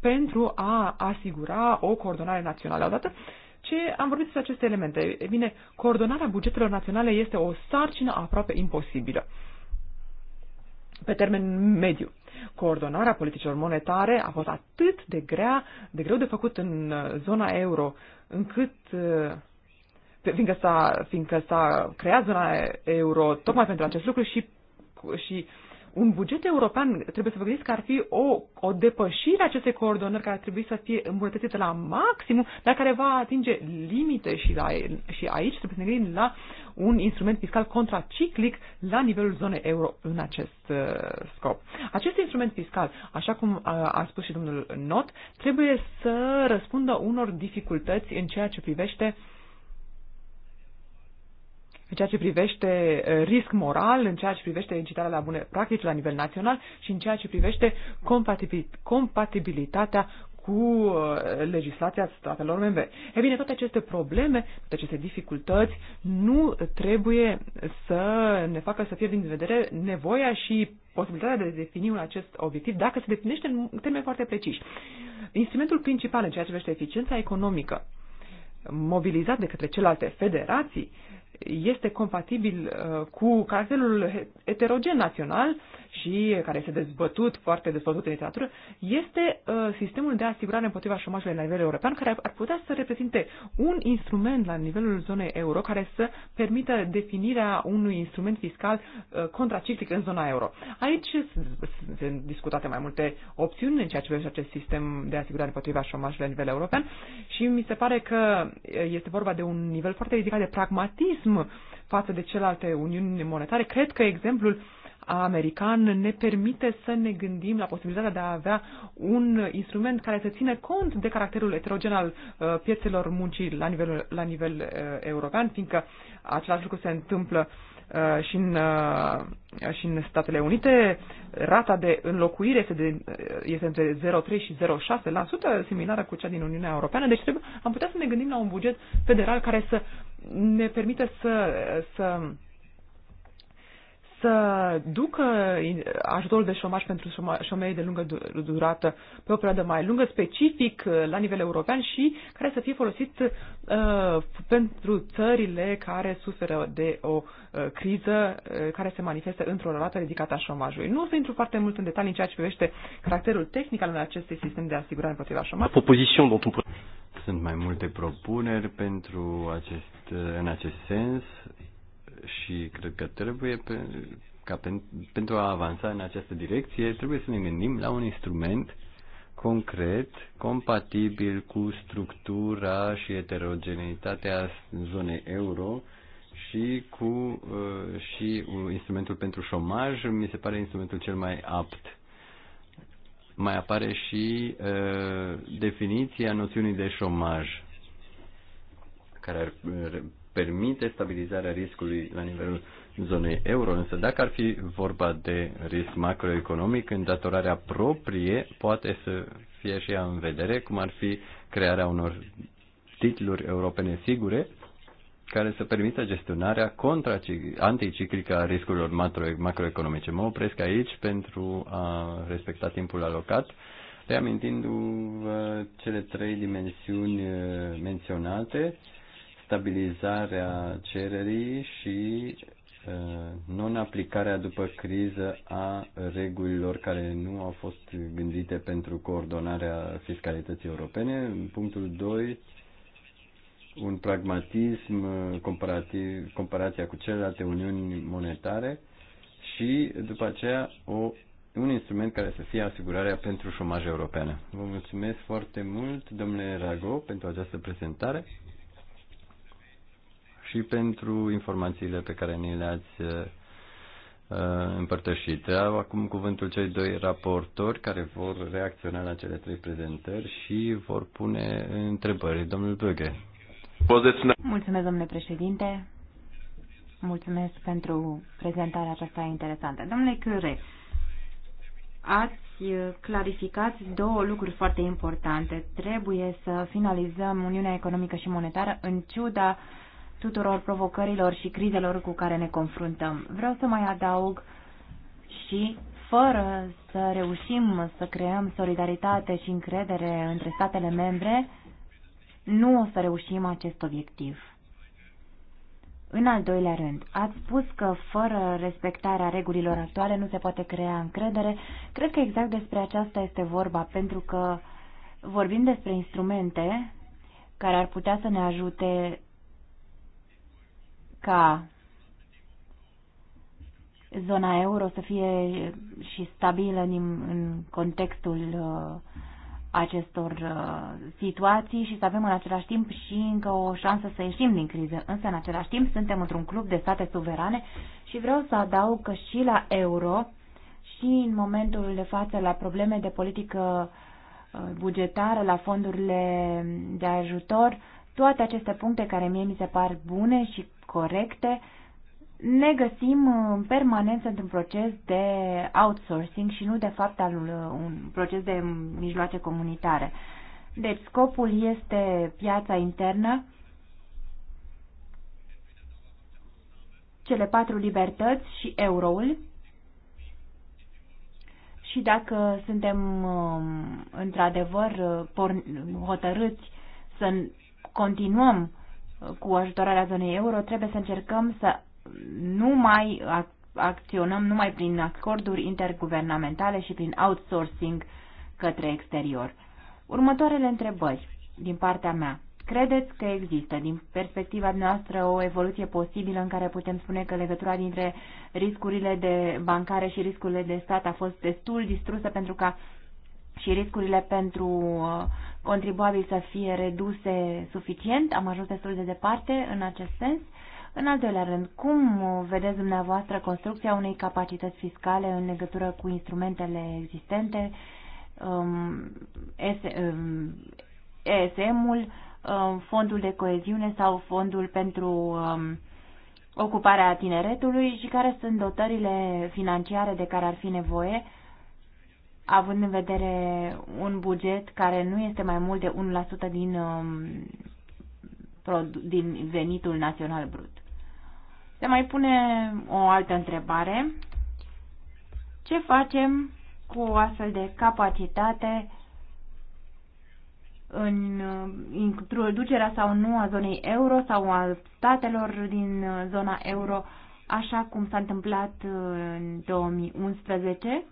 pentru a asigura o coordonare națională. Odată ce am vorbit despre aceste elemente, e bine, coordonarea bugetelor naționale este o sarcină aproape imposibilă pe termen mediu. Coordonarea politicilor monetare a fost atât de grea, de greu de făcut în uh, zona euro, încât uh, fiindcă s-a, fiindcă s-a creat zona euro tocmai pentru acest lucru și, și uh, un buget european, trebuie să vă gândiți că ar fi o, o depășire a acestei coordonări care ar trebui să fie îmbunătățită la maximum, dar care va atinge limite și, la, și aici trebuie să ne gândim la un instrument fiscal contraciclic la nivelul zonei euro în acest uh, scop. Acest instrument fiscal, așa cum uh, a spus și domnul Not, trebuie să răspundă unor dificultăți în ceea ce privește uh, în ceea ce privește risc moral, în ceea ce privește incitarea la bune practici la nivel național și în ceea ce privește compatibilitatea cu legislația statelor membre. E bine, toate aceste probleme, toate aceste dificultăți nu trebuie să ne facă să fie din vedere nevoia și posibilitatea de a defini un acest obiectiv dacă se definește în termeni foarte preciși. Instrumentul principal în ceea ce privește eficiența economică mobilizat de către celelalte federații uh, este compatibil uh, cu caracterul heterogen național și care este dezbătut, foarte dezbătut în literatură, este uh, sistemul de asigurare împotriva șomajului la nivel european, care ar putea să reprezinte un instrument la nivelul zonei euro care să permită definirea unui instrument fiscal uh, contraciclic în zona euro. Aici sunt discutate mai multe opțiuni în ceea ce privește acest sistem de asigurare împotriva șomajului la nivel european și mi se pare că uh, este vorba de un nivel foarte ridicat de pragmatism față de celelalte uniuni monetare. Cred că exemplul uh, american ne permite să ne gândim la posibilitatea de a avea un instrument care să țină cont de caracterul eterogen al uh, piețelor muncii la nivel, la nivel uh, european, fiindcă același lucru se întâmplă uh, și în, și în Statele Unite rata de înlocuire este, de, este între 0,3 și 0,6%, similară cu cea din Uniunea Europeană. Deci trebuie, am putea să ne gândim la un buget federal care să ne permite să, să să ducă ajutorul de șomaj pentru șomerii de lungă durată pe o perioadă mai lungă, specific uh, la nivel european și care să fie folosit uh, pentru țările care suferă de o uh, criză uh, care se manifestă într-o rată ridicată a șomajului. Nu o să intru foarte mult în detalii în ceea ce privește caracterul tehnic al acestui sistem de asigurare împotriva șomajului. Sunt mai multe propuneri pentru acest, în acest sens și cred că trebuie pe, ca pen, pentru a avansa în această direcție, trebuie să ne gândim la un instrument concret, compatibil cu structura și heterogeneitatea zonei euro și cu uh, și instrumentul pentru șomaj, mi se pare instrumentul cel mai apt. Mai apare și uh, definiția noțiunii de șomaj care ar permite stabilizarea riscului la nivelul zonei euro, însă dacă ar fi vorba de risc macroeconomic, îndatorarea proprie poate să fie și ea în vedere, cum ar fi crearea unor titluri europene sigure care să permită gestionarea contra anticiclică a riscurilor macroeconomice. Mă opresc aici pentru a respecta timpul alocat, reamintindu-vă cele trei dimensiuni eh, menționate, stabilizarea cererii și uh, non-aplicarea după criză a regulilor care nu au fost gândite pentru coordonarea fiscalității europene. Punctul 2, un pragmatism, comparativ, comparația cu celelalte uniuni monetare și după aceea o, un instrument care să fie asigurarea pentru șomaj europeană. Vă mulțumesc foarte mult, domnule Rago, pentru această prezentare și pentru informațiile pe care ni le-ați uh, uh, împărtășit. acum cuvântul cei doi raportori care vor reacționa la cele trei prezentări și vor pune întrebări. Domnul Băghe. Mulțumesc, domnule președinte. Mulțumesc pentru prezentarea aceasta interesantă. Domnule Cure, ați clarificat două lucruri foarte importante. Trebuie să finalizăm Uniunea Economică și Monetară în ciuda uh, tuturor provocărilor și crizelor cu care ne confruntăm. Vreau să mai adaug și fără să reușim să creăm solidaritate și încredere între statele membre, nu o să reușim acest obiectiv. În al doilea rând, ați spus că fără respectarea regulilor actuale nu se poate crea încredere. Cred că exact despre aceasta este vorba, pentru că vorbim despre instrumente care ar putea să ne ajute ca zona euro să fie și stabilă în, în contextul uh, acestor uh, situații și să avem în același timp și încă o șansă să ieșim din criză. Însă, în același timp, suntem într-un club de state suverane și vreau să adaug că și la euro și în momentul de față la probleme de politică uh, bugetară, la fondurile de ajutor, toate aceste puncte care mie mi se par bune și corecte, ne găsim permanent într-un proces de outsourcing și nu de fapt al un proces de mijloace comunitare. Deci scopul este piața internă, cele patru libertăți și euroul. Și dacă suntem um, într-adevăr uh, hotărâți să continuăm cu ajutorarea zonei euro, trebuie să încercăm să nu mai acționăm numai prin acorduri interguvernamentale și prin outsourcing către exterior. Următoarele întrebări din partea mea. Credeți că există, din perspectiva noastră, o evoluție posibilă în care putem spune că legătura dintre riscurile de bancare și riscurile de stat a fost destul distrusă pentru ca și riscurile pentru uh, contribuabil să fie reduse suficient. Am ajuns destul de departe în acest sens. În al doilea rând, cum vedeți dumneavoastră construcția unei capacități fiscale în legătură cu instrumentele existente, um, um ESM-ul, um, fondul de coeziune sau fondul pentru um, ocuparea tineretului și care sunt dotările financiare de care ar fi nevoie având în vedere un buget care nu este mai mult de 1% din, um, din venitul național brut. Se mai pune o altă întrebare. Ce facem cu o astfel de capacitate în uh, introducerea sau nu a zonei euro sau a statelor din uh, zona euro, așa cum s-a întâmplat uh, în 2011?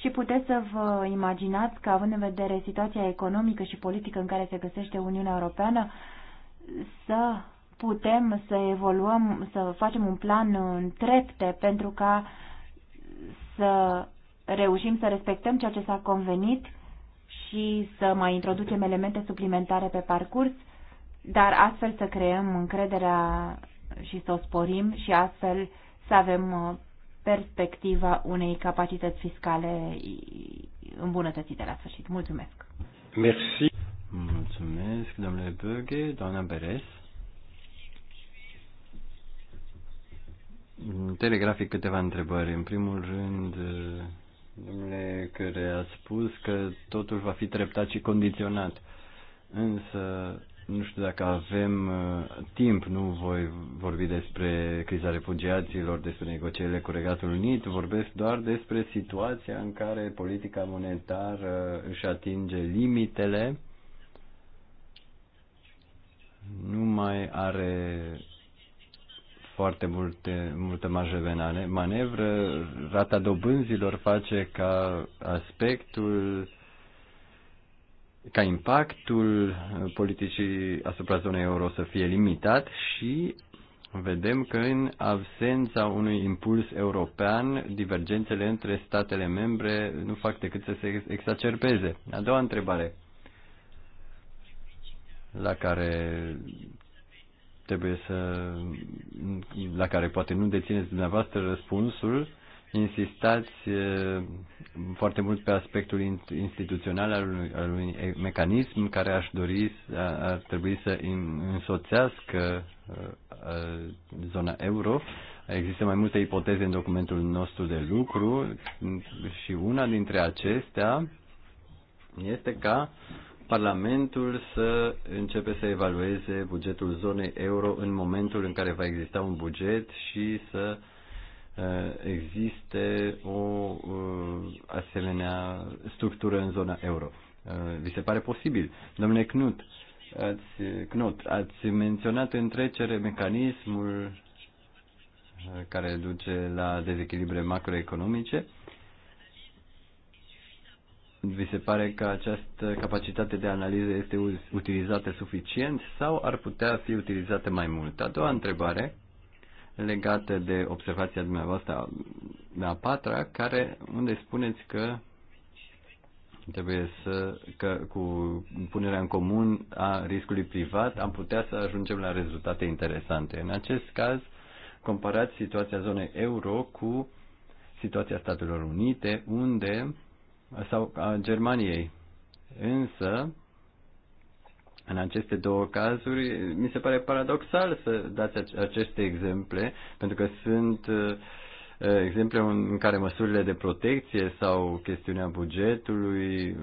Și puteți să vă imaginați că, având în vedere situația economică și politică în care se găsește Uniunea Europeană, să putem să evoluăm, să facem un plan în trepte pentru ca să reușim să respectăm ceea ce s-a convenit și să mai introducem elemente suplimentare pe parcurs, dar astfel să creăm încrederea și să o sporim și astfel să avem uh, perspectiva unei capacități fiscale îmbunătățite la sfârșit. Mulțumesc! Merci! Mulțumesc, domnule Böge, doamna Beres. Telegrafic câteva întrebări. În primul rând, domnule, care a spus că totul va fi treptat și condiționat. Însă, nu știu dacă avem uh, timp, nu voi vorbi despre criza refugiaților, despre negocierile cu Regatul Unit, vorbesc doar despre situația în care politica monetară își atinge limitele, nu mai are foarte multe, multă marjă de manevră, rata dobânzilor face ca aspectul ca impactul politicii asupra zonei euro să fie limitat și vedem că în absența unui impuls european, divergențele între statele membre nu fac decât să se exacerbeze. A doua întrebare la care trebuie să la care poate nu dețineți dumneavoastră răspunsul insistați foarte mult pe aspectul instituțional al unui, al unui mecanism care aș dori ar trebui să însoțească zona euro. Există mai multe ipoteze în documentul nostru de lucru și una dintre acestea este ca Parlamentul să începe să evalueze bugetul zonei euro în momentul în care va exista un buget și să uh, Uh, existe o uh, asemenea structură în zona euro. Uh, vi se pare posibil? Domnule Knut, ați, Knut, ați menționat în trecere mecanismul care duce la dezechilibre macroeconomice. Vi se pare că această capacitate de analiză este utilizată suficient sau ar putea fi utilizată mai mult? A doua întrebare legată de observația dumneavoastră de a patra, care, unde spuneți că trebuie să, că cu punerea în comun a riscului privat am putea să ajungem la rezultate interesante. În acest caz, comparați situația zonei euro cu situația Statelor Unite, unde sau a Germaniei. Însă, în aceste două cazuri, mi se pare paradoxal să dați aceste exemple, pentru că sunt uh, uh, exemple în care măsurile de protecție sau chestiunea bugetului uh,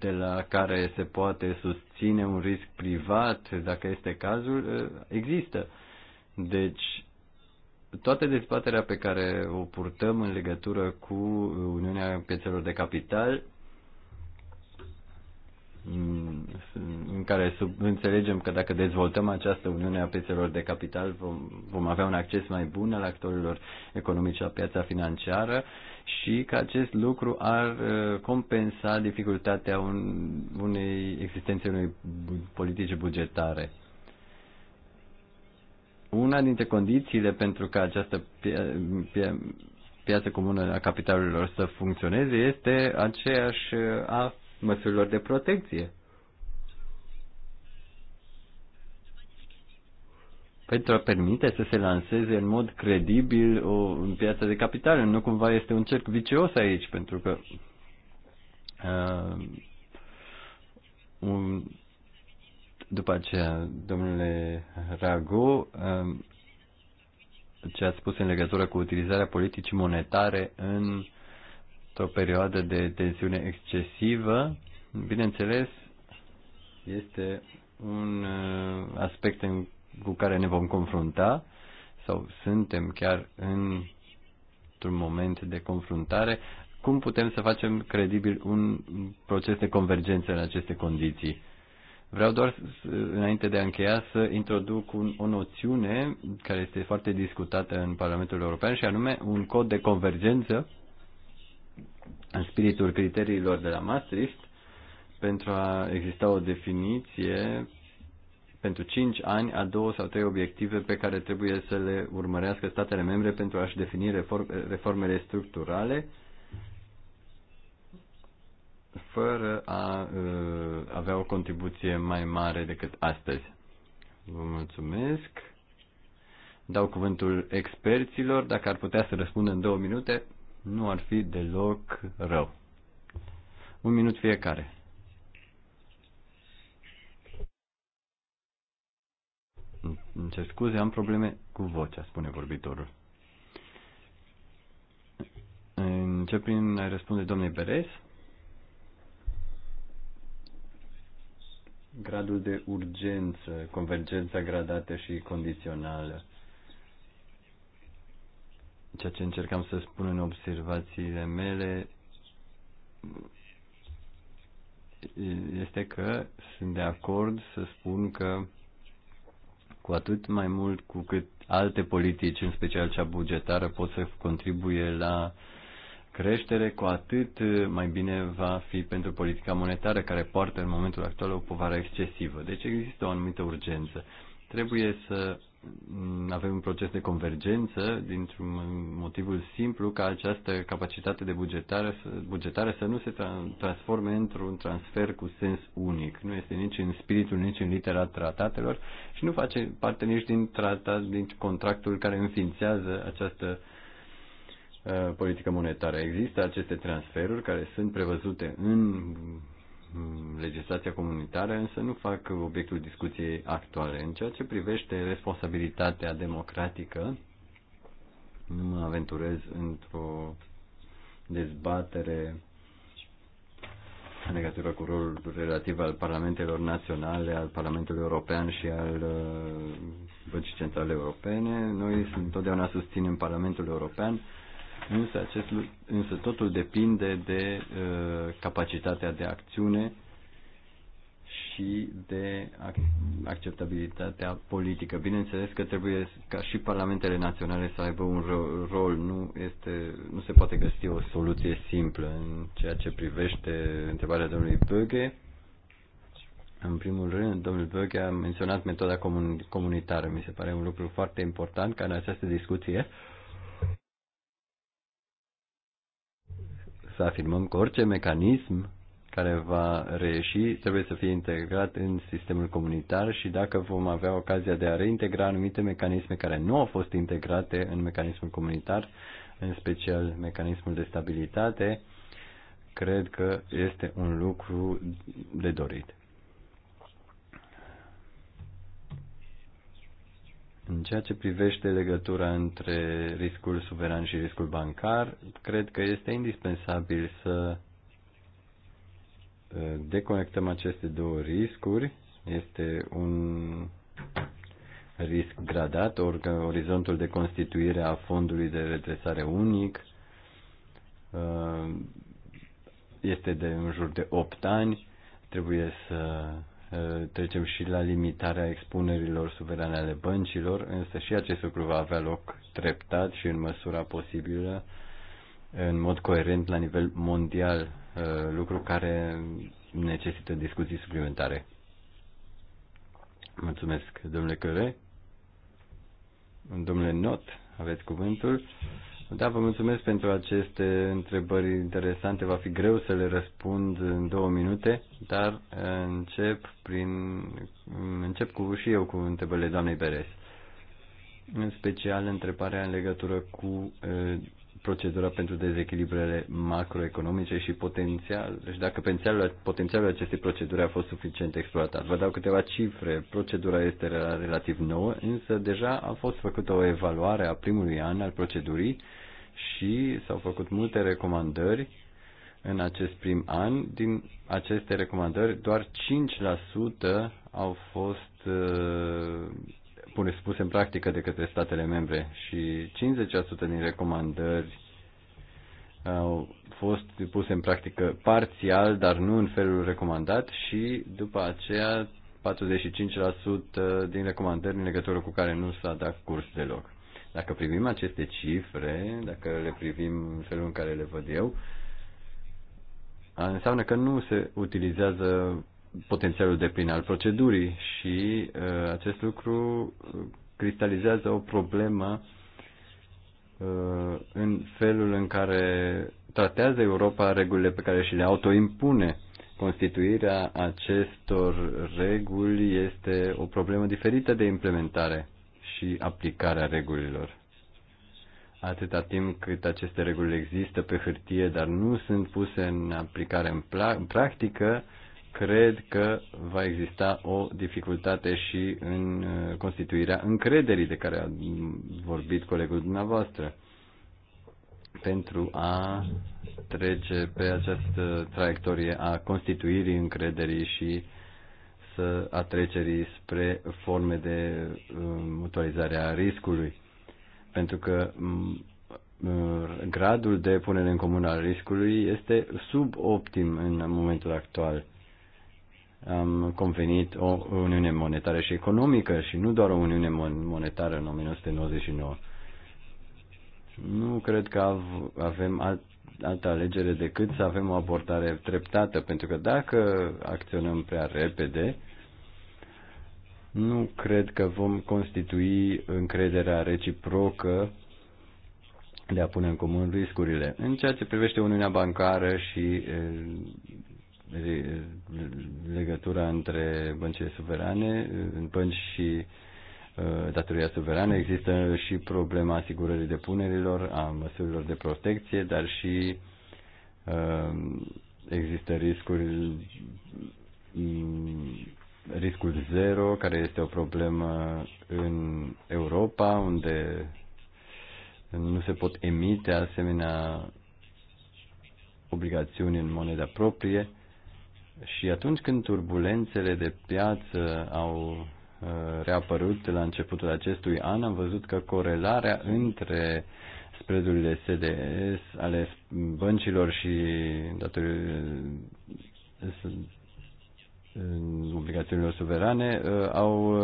de la care se poate susține un risc privat, dacă este cazul, există. Deci, toată dezbaterea pe care o purtăm în legătură cu Uniunea Piețelor de Capital în care sub, înțelegem că dacă dezvoltăm această uniune a piețelor de capital, vom, vom avea un acces mai bun al actorilor economici la piața financiară și că acest lucru ar uh, compensa dificultatea un, unei existențe unei politici bugetare. Una dintre condițiile pentru ca această pia, pia, piață comună a capitalurilor să funcționeze este aceeași uh, a măsurilor de protecție. pentru a permite să se lanseze în mod credibil o piață de capital. Nu cumva este un cerc vicios aici, pentru că uh, un, după aceea, domnule Rago, uh, ce a spus în legătură cu utilizarea politicii monetare în într-o perioadă de tensiune excesivă, bineînțeles, este un uh, aspect în, cu care ne vom confrunta sau suntem chiar în, într-un moment de confruntare, cum putem să facem credibil un proces de convergență în aceste condiții. Vreau doar, înainte de a încheia, să introduc un, o noțiune care este foarte discutată în Parlamentul European și anume un cod de convergență în spiritul criteriilor de la Maastricht pentru a exista o definiție pentru 5 ani a două sau trei obiective pe care trebuie să le urmărească statele membre pentru a-și defini reformele structurale fără a uh, avea o contribuție mai mare decât astăzi. Vă mulțumesc. Dau cuvântul experților. Dacă ar putea să răspundă în două minute, nu ar fi deloc rău. Un minut fiecare. Îmi cer scuze, am probleme cu vocea, spune vorbitorul. Încep prin a răspunde domnului Beres. Gradul de urgență, convergența gradată și condițională ceea ce încercam să spun în observațiile mele este că sunt de acord să spun că cu atât mai mult cu cât alte politici, în special cea bugetară, pot să contribuie la creștere, cu atât mai bine va fi pentru politica monetară, care poartă în momentul actual o povară excesivă. Deci există o anumită urgență. Trebuie să Mm, avem un proces de convergență dintr-un motivul simplu ca această capacitate de bugetare, bugetare să nu se transforme într-un transfer cu sens unic. Nu este nici în spiritul, nici în litera tratatelor și nu face parte nici din tratat, din contractul care înființează această uh, politică monetară. Există aceste transferuri care sunt prevăzute în Mm, legislația comunitară, însă nu fac obiectul discuției actuale. În ceea ce privește responsabilitatea democratică, nu mă aventurez într-o dezbatere în legătură cu rolul relativ al parlamentelor naționale, al Parlamentului European și al uh, Băncii Centrale Europene. Noi întotdeauna susținem Parlamentul European însă, acest, însă totul depinde de uh, capacitatea de acțiune și de acceptabilitatea politică. Bineînțeles că trebuie ca și parlamentele naționale să aibă un rol, nu, este, nu se poate găsi o soluție simplă în ceea ce privește întrebarea domnului Böge. În primul rând, domnul Böge a menționat metoda comun, comunitară. Mi se pare un lucru foarte important ca în această discuție uh, să afirmăm că orice mecanism care va reieși trebuie să fie integrat în sistemul comunitar și dacă vom avea ocazia de a reintegra anumite mecanisme care nu au fost integrate în mecanismul comunitar, în special mecanismul de stabilitate, cred că este un lucru de dorit. În ceea ce privește legătura între riscul suveran și riscul bancar, cred că este indispensabil să uh, deconectăm aceste două riscuri. Este un risc gradat, orică orizontul de constituire a fondului de redresare unic uh, este de în jur de 8 ani. Trebuie să Eh, trecem și la limitarea expunerilor suverane ale băncilor, însă și acest lucru va avea loc treptat și în măsura posibilă, în mod coerent la nivel mondial, eh, lucru care necesită discuții suplimentare. Mulțumesc, domnule Căre. Domnule Not, aveți cuvântul. Da, vă mulțumesc pentru aceste întrebări interesante. Va fi greu să le răspund în două minute, dar eh, încep, prin, încep cu și eu cu întrebările doamnei Beres. În special întrebarea în legătură cu eh, procedura pentru dezechilibrele macroeconomice și potențial, deci dacă potențialul, potențialul acestei proceduri a fost suficient exploatat. Vă dau câteva cifre. Procedura este relativ nouă, însă deja a fost făcută o evaluare a primului an al procedurii și s-au făcut multe recomandări în acest prim an. Din aceste recomandări, doar 5% au fost uh, pune spuse în practică de către statele membre și 50% din recomandări au fost puse în practică parțial, dar nu în felul recomandat și după aceea 45% din recomandări în legătură cu care nu s-a dat curs deloc. Dacă privim aceste cifre, dacă le privim în felul în care le văd eu, înseamnă că nu se utilizează potențialul de plin al procedurii și uh, acest lucru uh, cristalizează o problemă uh, în felul în care tratează Europa regulile pe care și le autoimpune. Constituirea acestor reguli este o problemă diferită de implementare și aplicarea regulilor. Atâta timp cât aceste reguli există pe hârtie, dar nu sunt puse în aplicare în, în practică, cred că va exista o dificultate și în uh, constituirea încrederii de care a vorbit colegul dumneavoastră pentru a trece pe această traiectorie a constituirii încrederii și să a trecerii spre forme de um, mutualizare a riscului. Pentru că uh, gradul de punere în comun al riscului este suboptim în momentul actual am convenit o Uniune Monetară și Economică și nu doar o Uniune Monetară în 1999. Nu cred că avem alt, altă alegere decât să avem o abordare treptată, pentru că dacă acționăm prea repede, nu cred că vom constitui încrederea reciprocă de a pune în comun riscurile. În ceea ce privește Uniunea Bancară și legătura între băncile suverane, bănci și uh, datoria suverană. Există și problema asigurării depunerilor, a măsurilor de protecție, dar și uh, există riscuri mm, riscul zero, care este o problemă în Europa, unde nu se pot emite asemenea obligațiuni în moneda proprie. Și atunci când turbulențele de piață au uh, reapărut la începutul acestui an, am văzut că corelarea între spreadurile SDS ale băncilor și datorii uh, obligațiunilor suverane uh, au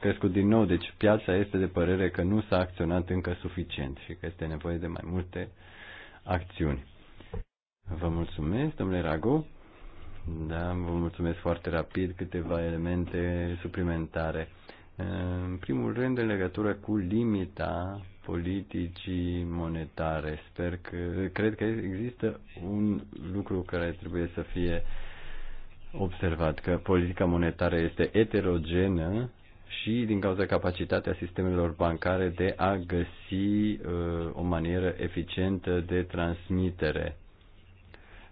crescut din nou. Deci piața este de părere că nu s-a acționat încă suficient și că este nevoie de mai multe acțiuni. Vă mulțumesc, domnule Rago. Da, vă mulțumesc foarte rapid câteva elemente suplimentare. În primul rând, în legătură cu limita politicii monetare. Sper că, cred că există un lucru care trebuie să fie observat, că politica monetară este eterogenă și din cauza capacitatea sistemelor bancare de a găsi uh, o manieră eficientă de transmitere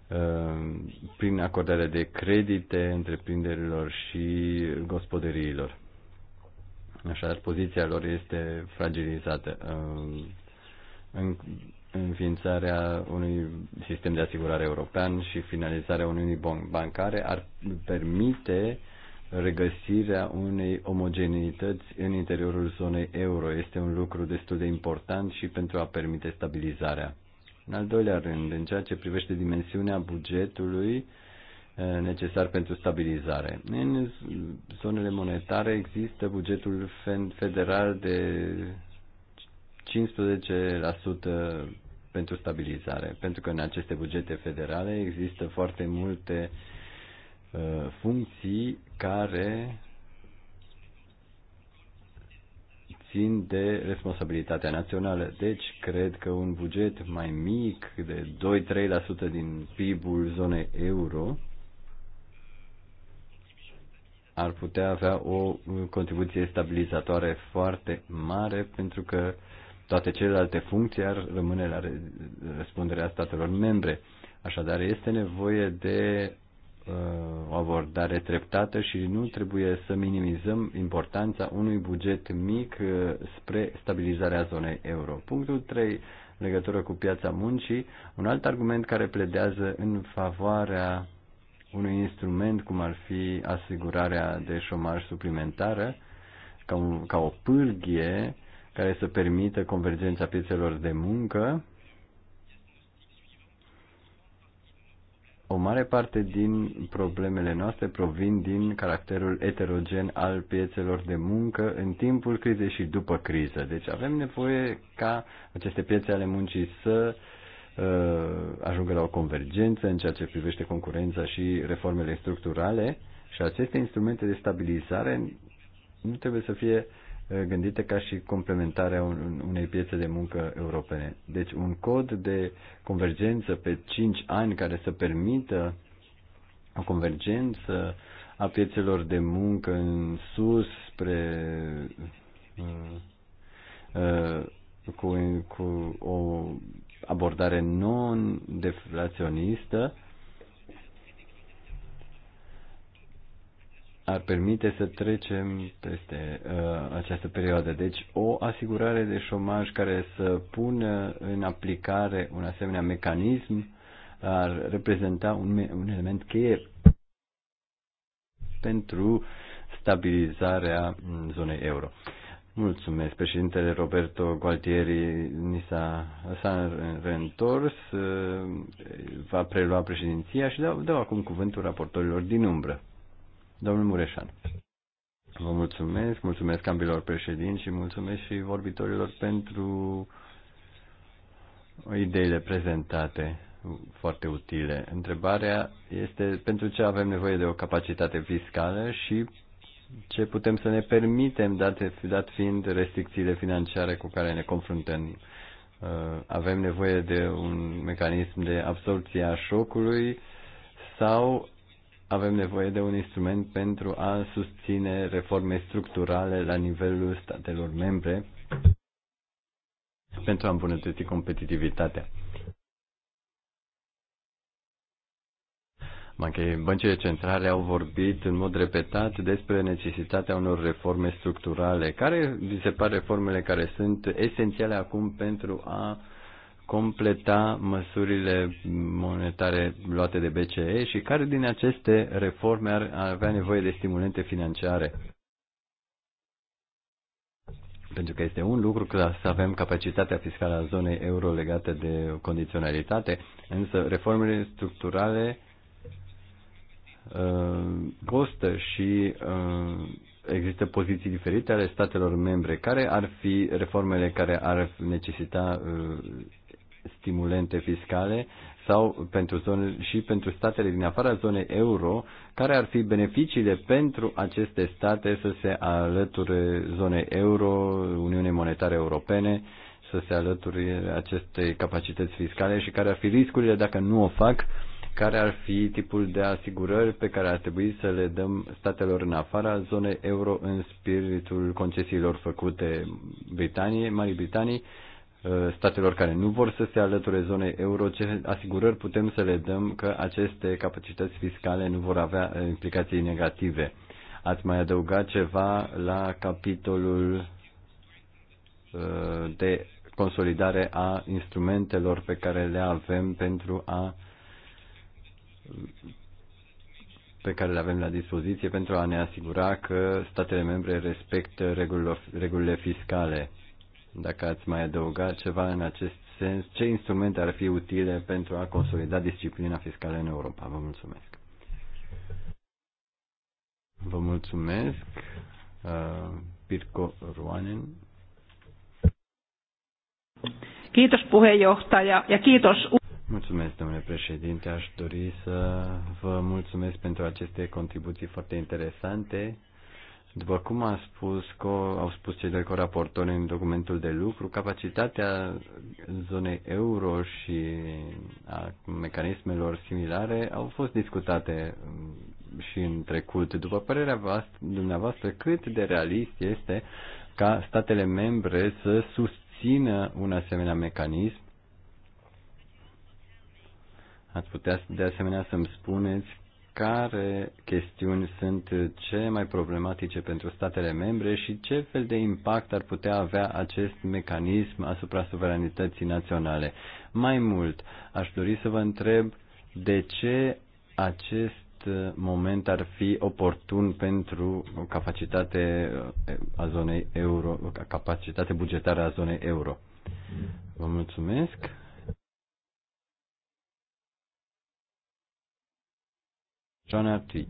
Uh, prin acordarea de credite întreprinderilor și gospodăriilor. Așadar, poziția lor este fragilizată. Uh, în înființarea unui sistem de asigurare european și finalizarea unui banc bancare ar permite regăsirea unei omogenități în interiorul zonei euro. Este un lucru destul de important și pentru a permite stabilizarea în al doilea rând, în ceea ce privește dimensiunea bugetului eh, necesar pentru stabilizare. În zonele monetare există bugetul federal de 15% pentru stabilizare, pentru că în aceste bugete federale există foarte multe eh, funcții care țin de responsabilitatea națională. Deci, cred că un buget mai mic, de 2-3% din PIB-ul zonei euro, ar putea avea o contribuție stabilizatoare foarte mare, pentru că toate celelalte funcții ar rămâne la răspunderea statelor membre. Așadar, este nevoie de Uh, o abordare treptată și nu trebuie să minimizăm importanța unui buget mic uh, spre stabilizarea zonei euro. Punctul 3 legătură cu piața muncii, un alt argument care pledează în favoarea unui instrument cum ar fi asigurarea de șomaj suplimentară, ca, un, ca o pârghie care să permită convergența piețelor de muncă, o mare parte din problemele noastre provin din caracterul eterogen al piețelor de muncă în timpul crizei și după criză. Deci avem nevoie ca aceste piețe ale muncii să uh, ajungă la o convergență în ceea ce privește concurența și reformele structurale și aceste instrumente de stabilizare nu trebuie să fie uh, Uh, gândite ca și complementarea unei piețe de muncă europene. Deci un cod de convergență pe 5 ani care să permită o convergență a piețelor de muncă în sus spre uh, uh, cu, cu o abordare non-deflaționistă ar permite să trecem peste uh, această perioadă. Deci o asigurare de șomaj care să pună în aplicare un asemenea mecanism ar reprezenta un, un element cheie pentru stabilizarea zonei euro. Mulțumesc, președintele Roberto Gualtieri ni s-a, s-a reîntors, uh, va prelua președinția și dau, dau acum cuvântul raportorilor din umbră. Domnul Mureșan. Vă mulțumesc, mulțumesc ambilor președinți și mulțumesc și vorbitorilor pentru ideile prezentate foarte utile. Întrebarea este pentru ce avem nevoie de o capacitate fiscală și ce putem să ne permitem, dat, dat fiind restricțiile financiare cu care ne confruntăm. Uh, avem nevoie de un mecanism de absorpție a șocului sau avem nevoie de un instrument pentru a susține reforme structurale la nivelul statelor membre pentru a îmbunătăți competitivitatea. Okay. Băncile centrale au vorbit în mod repetat despre necesitatea unor reforme structurale. Care vi se par reformele care sunt esențiale acum pentru a uh, completa măsurile monetare luate de BCE și care din aceste reforme ar avea nevoie de stimulente financiare. Pentru că este un lucru că să avem capacitatea fiscală a zonei euro legată de condiționalitate, însă reformele structurale uh, costă și uh, există poziții diferite ale statelor membre. Care ar fi reformele care ar necesita uh, stimulente fiscale sau pentru zone, și pentru statele din afara zonei euro, care ar fi beneficiile pentru aceste state să se alăture zonei euro, Uniunii Monetare Europene, să se alăture acestei capacități fiscale și care ar fi riscurile dacă nu o fac, care ar fi tipul de asigurări pe care ar trebui să le dăm statelor în afara zonei euro în spiritul concesiilor făcute Britaniei, Marii Britanii Uh, statelor care nu vor să se alăture zonei euro, ce asigurări putem să le dăm că aceste capacități fiscale nu vor avea uh, implicații negative. Ați mai adăugat ceva la capitolul uh, de consolidare a instrumentelor pe care le avem pentru a pe care le avem la dispoziție pentru a ne asigura că statele membre respectă regulile fiscale. Dacă ați mai adăugat ceva în acest sens, ce instrumente ar fi utile pentru a consolida disciplina fiscală în Europa? Vă mulțumesc. Vă mulțumesc, uh, Pirko Ruanen. Kiitos puheenjohtaja ja kiitos. Mulțumesc, domnule președinte. Aș dori să vă mulțumesc pentru aceste contribuții foarte interesante după cum a spus, co, au spus cei doi coraportori în documentul de lucru, capacitatea zonei euro și a mecanismelor similare au fost discutate um, și în trecut. După părerea voastră, dumneavoastră, cât de realist este ca statele membre să susțină un asemenea mecanism? Ați putea de asemenea să-mi spuneți care chestiuni sunt cele mai problematice pentru statele membre și ce fel de impact ar putea avea acest mecanism asupra suveranității naționale. Mai mult, aș dori să vă întreb de ce acest moment ar fi oportun pentru capacitate eh, a zonei euro, capacitate bugetară a zonei euro. Vă mulțumesc. John Artui.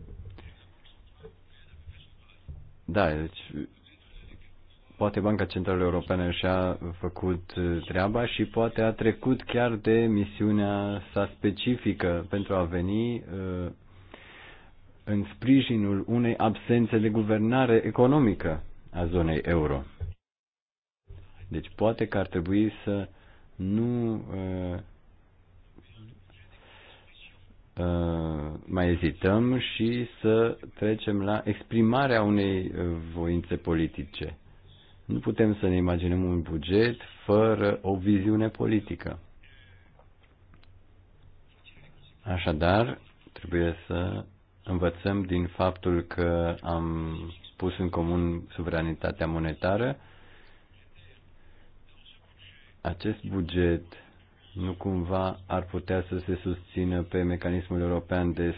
Da, deci poate Banca Centrală Europeană și-a făcut uh, treaba și poate a trecut chiar de misiunea sa specifică pentru a veni uh, în sprijinul unei absențe de guvernare economică a zonei euro. Deci poate că ar trebui să nu uh, Uh, mai ezităm și să trecem la exprimarea unei uh, voințe politice. Nu putem să ne imaginăm un buget fără o viziune politică. Așadar, trebuie să învățăm din faptul că am pus în comun suveranitatea monetară. Acest buget nu cumva ar putea să se susțină pe mecanismul european de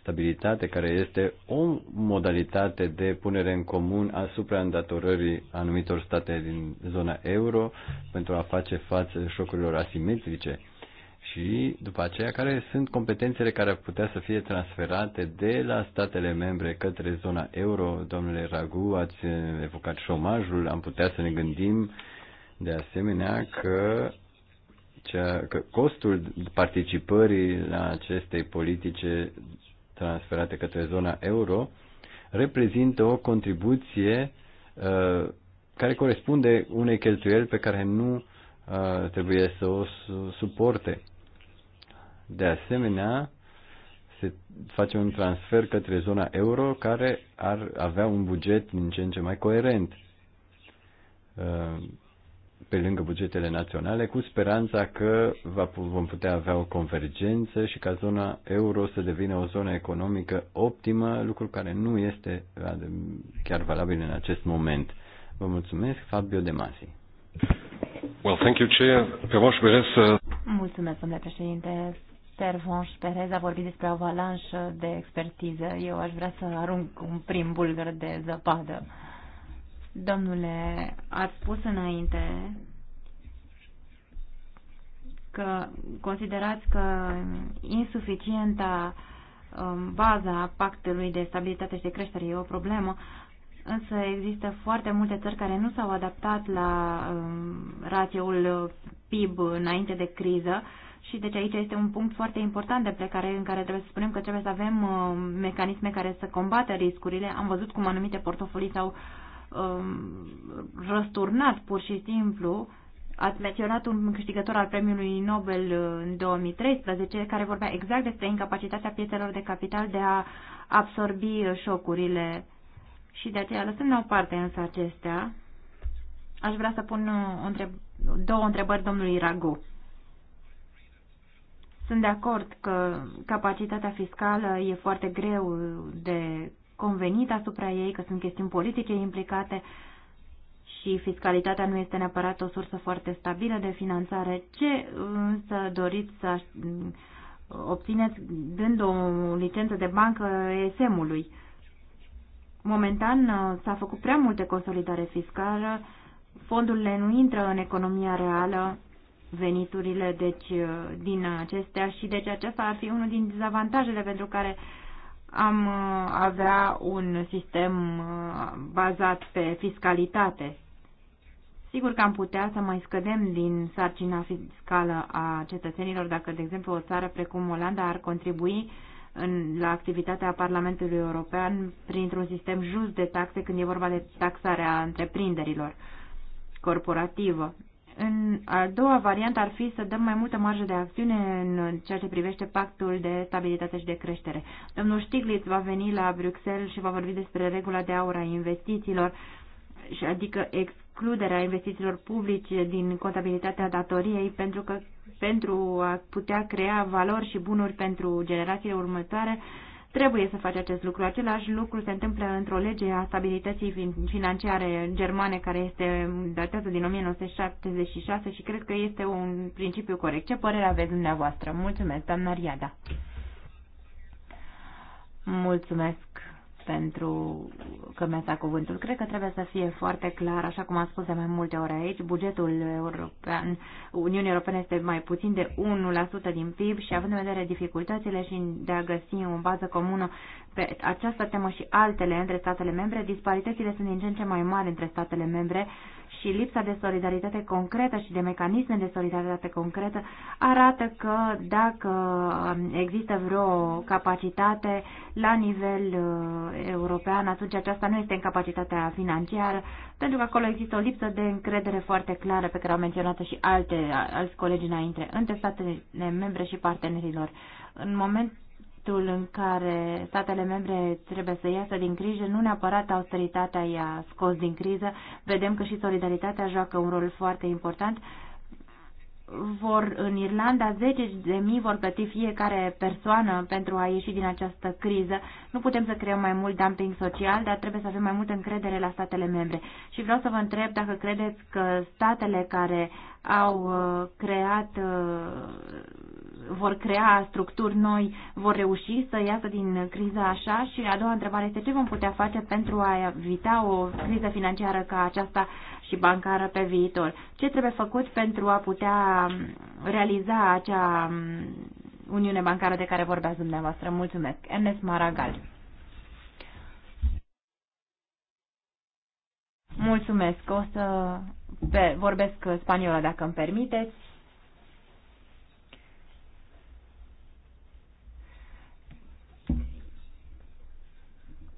stabilitate, care este o modalitate de punere în comun asupra îndatorării anumitor state din zona euro pentru a face față șocurilor asimetrice și după aceea care sunt competențele care ar putea să fie transferate de la statele membre către zona euro. Domnule Ragu, ați evocat șomajul, am putea să ne gândim de asemenea că cea, că costul participării la acestei politice transferate către zona euro reprezintă o contribuție uh, care corespunde unei cheltuieli pe care nu uh, trebuie să o suporte. De asemenea, se face un transfer către zona euro care ar avea un buget din ce în ce mai coerent. Uh, pe lângă bugetele naționale, cu speranța că va, vom putea avea o convergență și ca zona euro să devină o zonă economică optimă, lucru care nu este chiar valabil în acest moment. Vă mulțumesc, Fabio De Masi. Well, thank you, Chair. Pervanș Perez. Uh, mulțumesc, domnule președinte. Pervanș Perez a vorbit despre avalanșă de expertiză. Eu aș vrea să arunc un prim bulgăr de zăpadă Domnule, ați spus înainte că considerați că insuficienta um, baza pactului de stabilitate și de creștere e o problemă, însă există foarte multe țări care nu s-au adaptat la um, rațiul PIB înainte de criză și deci aici este un punct foarte important de plecare în care trebuie să spunem că trebuie să avem um, mecanisme care să combată riscurile. Am văzut cum anumite portofolii s-au uh, Um, răsturnat pur și simplu. Ați menționat un câștigător al premiului Nobel uh, în 2013 care vorbea exact despre incapacitatea piețelor de capital de a absorbi șocurile și de aceea lăsând la o parte însă acestea, aș vrea să pun o uh, întreb două întrebări domnului Rago. Sunt de acord că capacitatea fiscală e foarte greu de convenit asupra ei, că sunt chestiuni politice implicate și fiscalitatea nu este neapărat o sursă foarte stabilă de finanțare. Ce însă doriți să obțineți dând o licență de bancă ESM-ului? Momentan uh, s-a făcut prea multe consolidare fiscală, fondurile nu intră în economia reală, veniturile deci, uh, din acestea și deci acesta ar fi unul din dezavantajele pentru care uh, am uh, avea un sistem uh, bazat pe fiscalitate. Sigur că am putea să mai scădem din sarcina fiscală a cetățenilor dacă, de exemplu, o țară precum Olanda ar contribui în, la activitatea Parlamentului European printr-un sistem just de taxe când e vorba de taxarea întreprinderilor corporativă. În a doua variantă ar fi să dăm mai multă marjă de acțiune în ceea ce privește pactul de stabilitate și de creștere. Domnul Stiglitz va veni la Bruxelles și va vorbi despre regula de aur a investițiilor, și adică excluderea investițiilor publice din contabilitatea datoriei pentru, că, pentru a putea crea valori și bunuri pentru generațiile următoare, Trebuie să faci acest lucru. Același lucru se întâmplă într-o lege a stabilității financiare germane care este datată din 1976 și cred că este un principiu corect. Ce părere aveți dumneavoastră? Mulțumesc, doamna Riada. Mulțumesc pentru că mi-a dat cuvântul. Cred că trebuie să fie foarte clar, așa cum am spus de mai multe ori aici, bugetul european, Uniunii Europene este mai puțin de 1% din PIB și având în vedere dificultățile și de a găsi o bază comună pe această temă și altele între statele membre, disparitățile sunt din ce în ce mai mari între statele membre, uh, și lipsa de solidaritate concretă și de mecanisme de solidaritate concretă arată că dacă um, există vreo capacitate la nivel uh, european, atunci aceasta nu este în capacitatea financiară, pentru că acolo există o lipsă de încredere foarte clară pe care au menționat-o și alte, alți colegi înainte, între statele membre și partenerilor. În moment contextul în care statele membre trebuie să iasă din criză, nu neapărat austeritatea i-a scos din criză, vedem că și solidaritatea joacă un rol foarte important. Vor, în Irlanda, 10 de mii vor plăti fiecare persoană pentru a ieși din această criză. Nu putem să creăm mai mult dumping social, dar trebuie să avem mai multă încredere la statele membre. Și vreau să vă întreb dacă credeți că statele care au uh, creat uh, vor crea structuri noi, vor reuși să iasă din criza așa? Și a doua întrebare este ce vom putea face pentru a evita o criză financiară ca aceasta și bancară pe viitor? Ce trebuie făcut pentru a putea realiza acea mm, uniune bancară de care vorbeați dumneavoastră? Mulțumesc. Ernest Maragal. Mulțumesc. O să vorbesc spaniola, dacă îmi permiteți.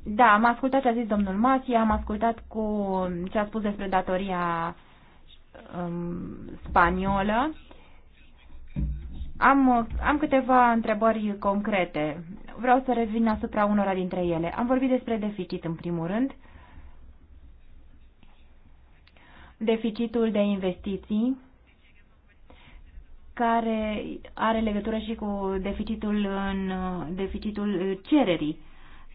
Da, am ascultat ce a zis domnul Masi, am ascultat cu ce a spus despre datoria um, spaniolă. Am, am câteva întrebări concrete. Vreau să revin asupra unora dintre ele. Am vorbit despre deficit în primul rând. Deficitul de investiții care are legătură și cu deficitul în deficitul cererii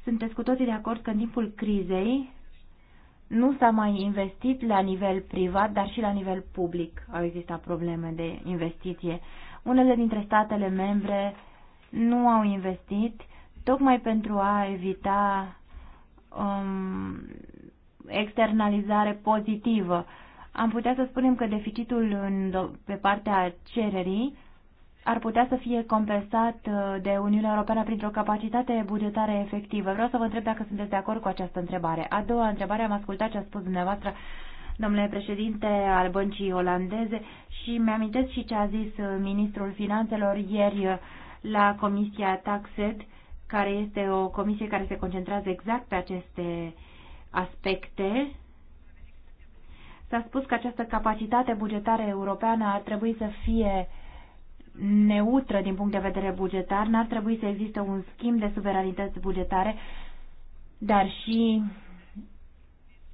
sunteți cu toții de acord că în timpul crizei nu s-a mai investit la nivel privat, dar și la nivel public au existat probleme de investiție. Unele dintre statele membre nu au investit tocmai pentru a evita um, externalizare pozitivă. Am putea să spunem că deficitul în, pe partea cererii ar putea să fie compensat uh, de Uniunea Europeană printr-o capacitate bugetară efectivă. Vreau să vă întreb dacă sunteți de acord cu această întrebare. A doua întrebare, am ascultat ce a spus dumneavoastră, domnule președinte al băncii olandeze, și mi-amintesc și ce a zis uh, ministrul finanțelor ieri uh, la Comisia Taxed, care este o comisie care se concentrează exact pe aceste aspecte S-a spus că această capacitate bugetară europeană ar trebui să fie neutră din punct de vedere bugetar, n-ar trebui să existe un schimb de suveranități bugetare, dar și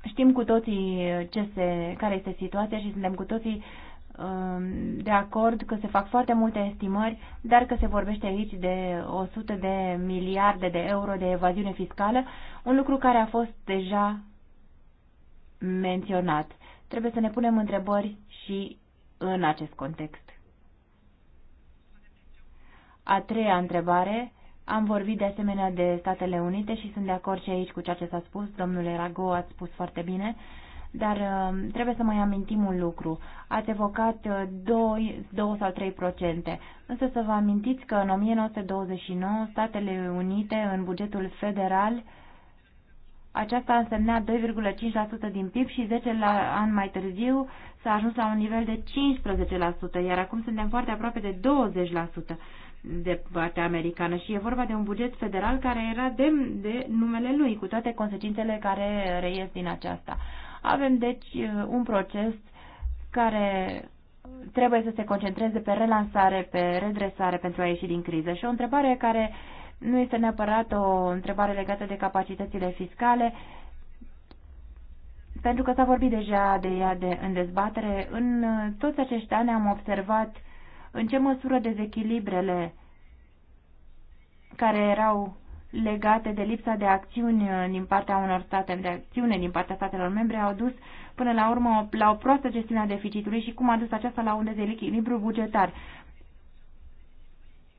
știm cu toții ce se, care este situația și suntem cu toții um, de acord că se fac foarte multe estimări, dar că se vorbește aici de 100 de miliarde de euro de evaziune fiscală, un lucru care a fost deja menționat. Trebuie să ne punem întrebări și în acest context. A treia întrebare. Am vorbit de asemenea de Statele Unite și sunt de acord și aici cu ceea ce s-a spus. Domnule Rago, ați spus foarte bine. Dar um, trebuie să mai amintim un lucru. Ați evocat 2, uh, 2 sau 3 procente. Însă să vă amintiți că în 1929 Statele Unite în bugetul federal aceasta însemna 2,5% din PIB și 10 la an mai târziu s-a ajuns la un nivel de 15%, iar acum suntem foarte aproape de 20% de partea americană și e vorba de un buget federal care era demn de numele lui, cu toate consecințele care reies din aceasta. Avem deci un proces care trebuie să se concentreze pe relansare, pe redresare pentru a ieși din criză. Și o întrebare care nu este neapărat o întrebare legată de capacitățile fiscale, pentru că s-a vorbit deja de ea de, în dezbatere. În toți acești ani am observat uh, în ce măsură dezechilibrele care erau legate de lipsa de acțiuni din partea unor state, de acțiune din partea statelor membre, au dus până la urmă la o proastă gestiune a deficitului și cum a dus aceasta la un dezechilibru bugetar.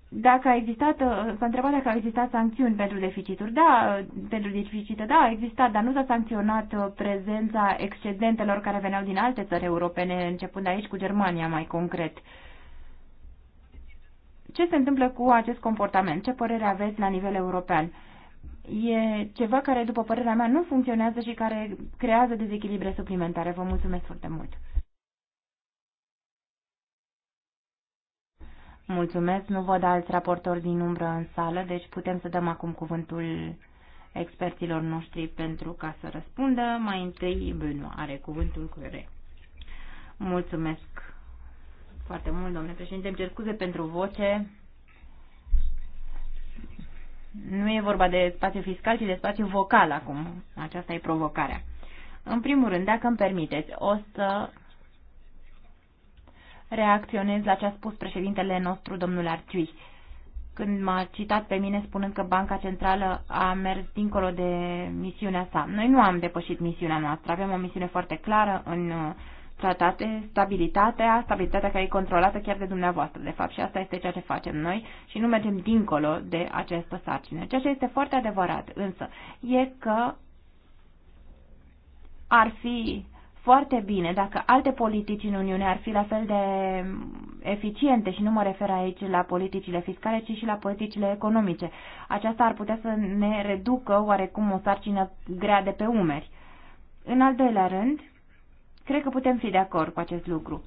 Dacă a existat, s-a întrebat dacă a existat sancțiuni pentru deficituri. Da, pentru deficite, da, a existat, dar nu s-a sancționat prezența excedentelor care veneau din alte țări europene, începând aici cu Germania mai concret. Uh, ce se întâmplă cu acest comportament? Ce părere aveți la nivel european? E ceva care, după părerea mea, nu funcționează și care creează dezechilibre suplimentare. Vă mulțumesc foarte mult! Mulțumesc, nu văd alți raportori din umbră în sală, deci putem să dăm acum cuvântul experților noștri pentru ca să răspundă. Mai întâi, Benoît are cuvântul cu Mulțumesc foarte mult, domnule președinte. Îmi cer scuze pentru voce. Nu e vorba de spațiu fiscal, ci de spațiu vocal acum. Aceasta e provocarea. În primul rând, dacă îmi permiteți, o să reacționez la ce a spus președintele nostru, domnul Arciui, când m-a citat pe mine spunând că Banca Centrală a mers dincolo de misiunea sa. Noi nu am depășit misiunea noastră, avem o misiune foarte clară în uh, tratate stabilitatea, stabilitatea care e controlată chiar de dumneavoastră, de fapt, și asta este ceea ce facem noi și nu mergem dincolo de această sarcină. Ceea ce este foarte adevărat, însă, e că ar fi foarte bine dacă alte politici în Uniune ar fi la fel de eficiente și nu mă refer aici la politicile fiscale, ci și la politicile economice. Aceasta ar putea să ne reducă oarecum o sarcină grea de pe umeri. În al doilea rând, Cred că putem fi de acord cu acest lucru.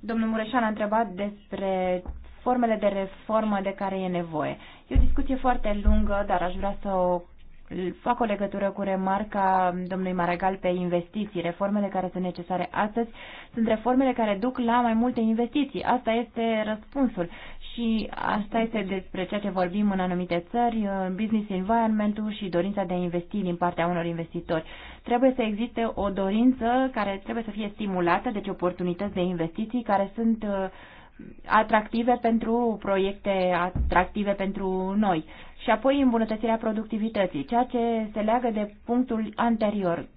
Domnul Mureșan a întrebat despre formele de reformă de care e nevoie. E o discuție foarte lungă, dar aș vrea să o fac o legătură cu remarca domnului Maragal pe investiții. Reformele care sunt necesare astăzi sunt reformele care duc la mai multe investiții. Asta este răspunsul. Și asta este despre ceea ce vorbim în anumite țări, uh, business environment-ul și dorința de a investi din partea unor investitori. Trebuie să existe o dorință care trebuie să fie stimulată, deci oportunități de investiții care sunt uh, atractive pentru proiecte atractive pentru noi și apoi îmbunătățirea productivității, ceea ce se leagă de punctul anterior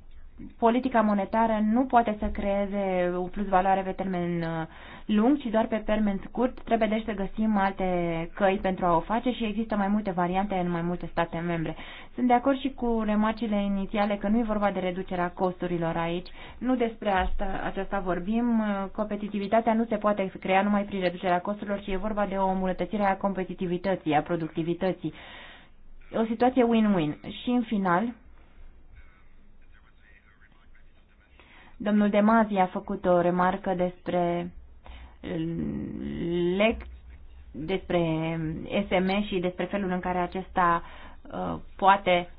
politica monetară nu poate să creeze o plus valoare pe termen uh, lung, ci doar pe termen scurt. Trebuie deci să găsim alte căi pentru a o face și există mai multe variante în mai multe state membre. Sunt de acord și cu remarcile inițiale că nu e vorba de reducerea costurilor aici. Nu despre asta, aceasta vorbim. Uh, competitivitatea nu se poate crea numai prin reducerea costurilor, ci e vorba de o îmbunătățire a competitivității, a productivității. O situație win-win. Și în final, Domnul Mazi a făcut o remarcă despre lec, despre SM și despre felul în care acesta ă, poate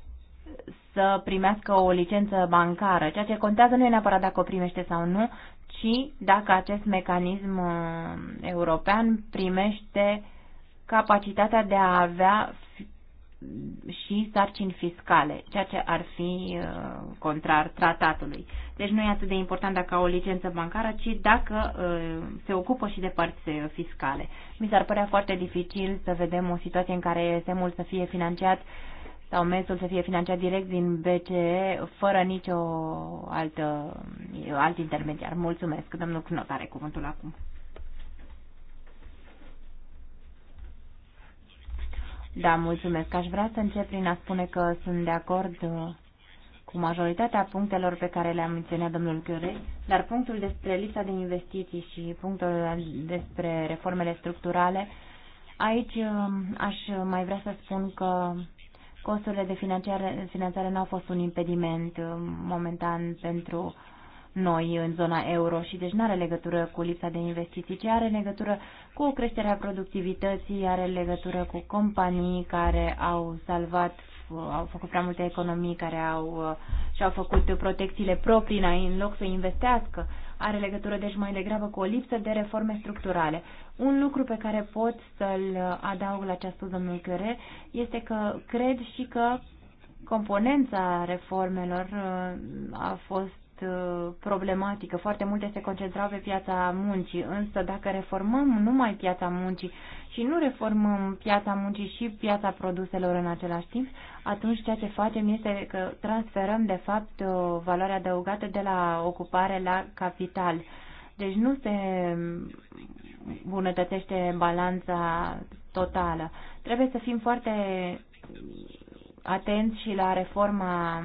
să primească o licență bancară. Ceea ce contează nu e neapărat dacă o primește sau nu, ci dacă acest mecanism ă, european primește capacitatea de a avea și sarcini fiscale, ceea ce ar fi uh, contrar tratatului. Deci nu e atât de important dacă au o licență bancară, ci dacă uh, se ocupă și de părți uh, fiscale. Mi s-ar părea foarte dificil să vedem o situație în care semul să fie financiat sau mesul să fie financiat direct din BCE fără nicio altă, alt intermediar. Mulțumesc, domnul Cnot are cuvântul acum. Da, mulțumesc. Aș vrea să încep prin a spune că sunt de acord uh, cu majoritatea punctelor pe care le-a menționat domnul Chiure, dar punctul despre lista de investiții și punctul despre reformele structurale, aici uh, aș mai vrea să spun că costurile de finanțare, finanțare nu au fost un impediment uh, momentan pentru uh, noi în zona euro și deci nu are legătură cu lipsa de investiții, ci are legătură cu creșterea productivității, are legătură cu companii care au salvat au făcut prea multe economii care au uh, și-au făcut protecțiile proprii în loc să investească. Are legătură deci mai degrabă cu o lipsă de reforme structurale. Un lucru pe care pot să-l adaug la ce a spus domnul Căre este că cred și că componența reformelor uh, a fost Uh, problematică. Foarte multe se concentrau pe piața muncii, însă dacă reformăm numai piața muncii și nu reformăm piața muncii și piața produselor în același timp, atunci ceea ce facem este că transferăm de fapt uh, valoarea adăugată de la ocupare la capital. Deci nu se bunătățește balanța totală. Trebuie să fim foarte atenți și la reforma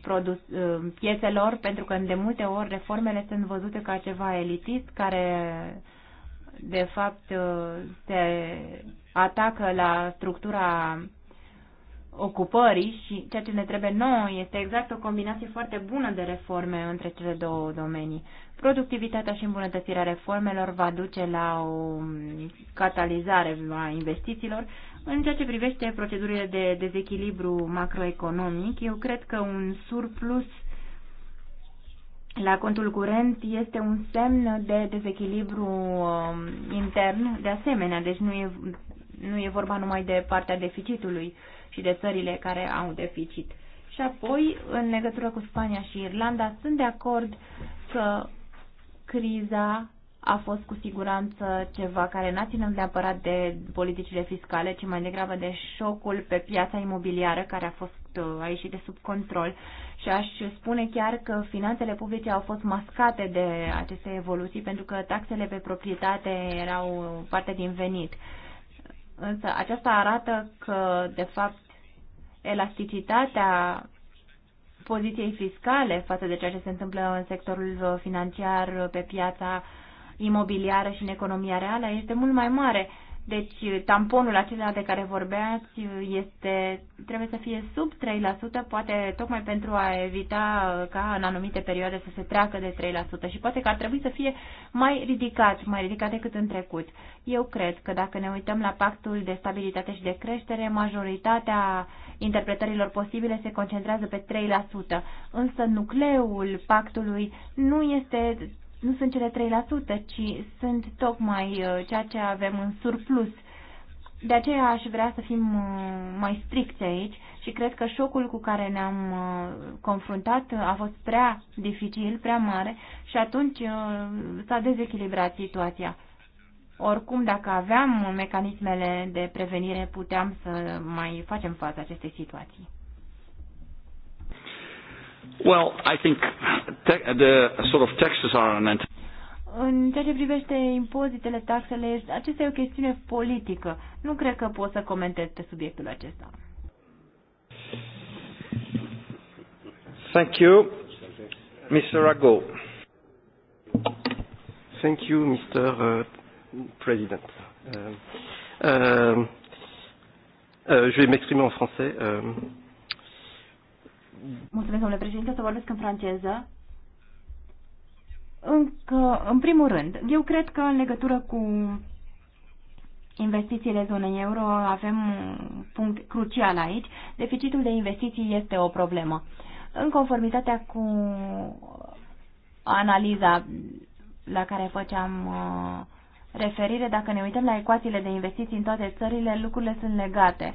produs, uh, piețelor, pentru că de multe ori reformele sunt văzute ca ceva elitist, care de fapt uh, se atacă la structura ocupării și ceea ce ne trebuie nouă este exact o combinație foarte bună de reforme între cele două domenii. Productivitatea și îmbunătățirea reformelor va duce la o catalizare a investițiilor, în ceea ce privește procedurile de dezechilibru macroeconomic, eu cred că un surplus la contul curent este un semn de dezechilibru um, intern de asemenea, deci nu e, nu e vorba numai de partea deficitului și de țările care au deficit. Și apoi, în legătură cu Spania și Irlanda, sunt de acord că criza a fost cu siguranță ceva care n-a ținut neapărat de politicile fiscale, ci mai degrabă de șocul pe piața imobiliară care a fost uh, a ieșit de sub control și aș spune chiar că finanțele publice au fost mascate de aceste evoluții pentru că taxele pe proprietate erau parte din venit. Însă aceasta arată că, de fapt, elasticitatea poziției fiscale față de ceea ce se întâmplă în sectorul financiar pe piața uh, imobiliară și în economia reală este mult mai mare. Deci tamponul acela de care vorbeați este, trebuie să fie sub 3%, poate tocmai pentru a evita ca în anumite perioade să se treacă de 3% și poate că ar trebui să fie mai ridicat, mai ridicat decât în trecut. Eu cred că dacă ne uităm la pactul de stabilitate și de creștere, majoritatea interpretărilor posibile se concentrează pe 3%, însă nucleul pactului nu este nu sunt cele 3%, ci sunt tocmai uh, ceea ce avem în surplus. De aceea aș vrea să fim uh, mai stricți aici și cred că șocul cu care ne-am uh, confruntat a fost prea dificil, prea mare și atunci s-a dezechilibrat situația. Oricum, dacă aveam mecanismele de prevenire, puteam să mai facem față acestei situații. Well, I think the sort of taxes are an în ceea ce privește impozitele, taxele, acesta e o chestiune politică. Nu cred că pot să comentez pe subiectul acesta. Thank you, Mr. Rago. Thank you, Mr. Uh, President. Uh, uh, uh, je vais m'exprimer en français. Uh, Mulțumesc, domnule președinte, o să vorbesc în franceză. Încă, în primul rând, eu cred că în legătură cu investițiile zonei euro avem un punct crucial aici. Deficitul de investiții este o problemă. În conformitatea cu analiza la care făceam uh, referire, dacă ne uităm la ecuațiile de investiții în toate țările, lucrurile sunt legate.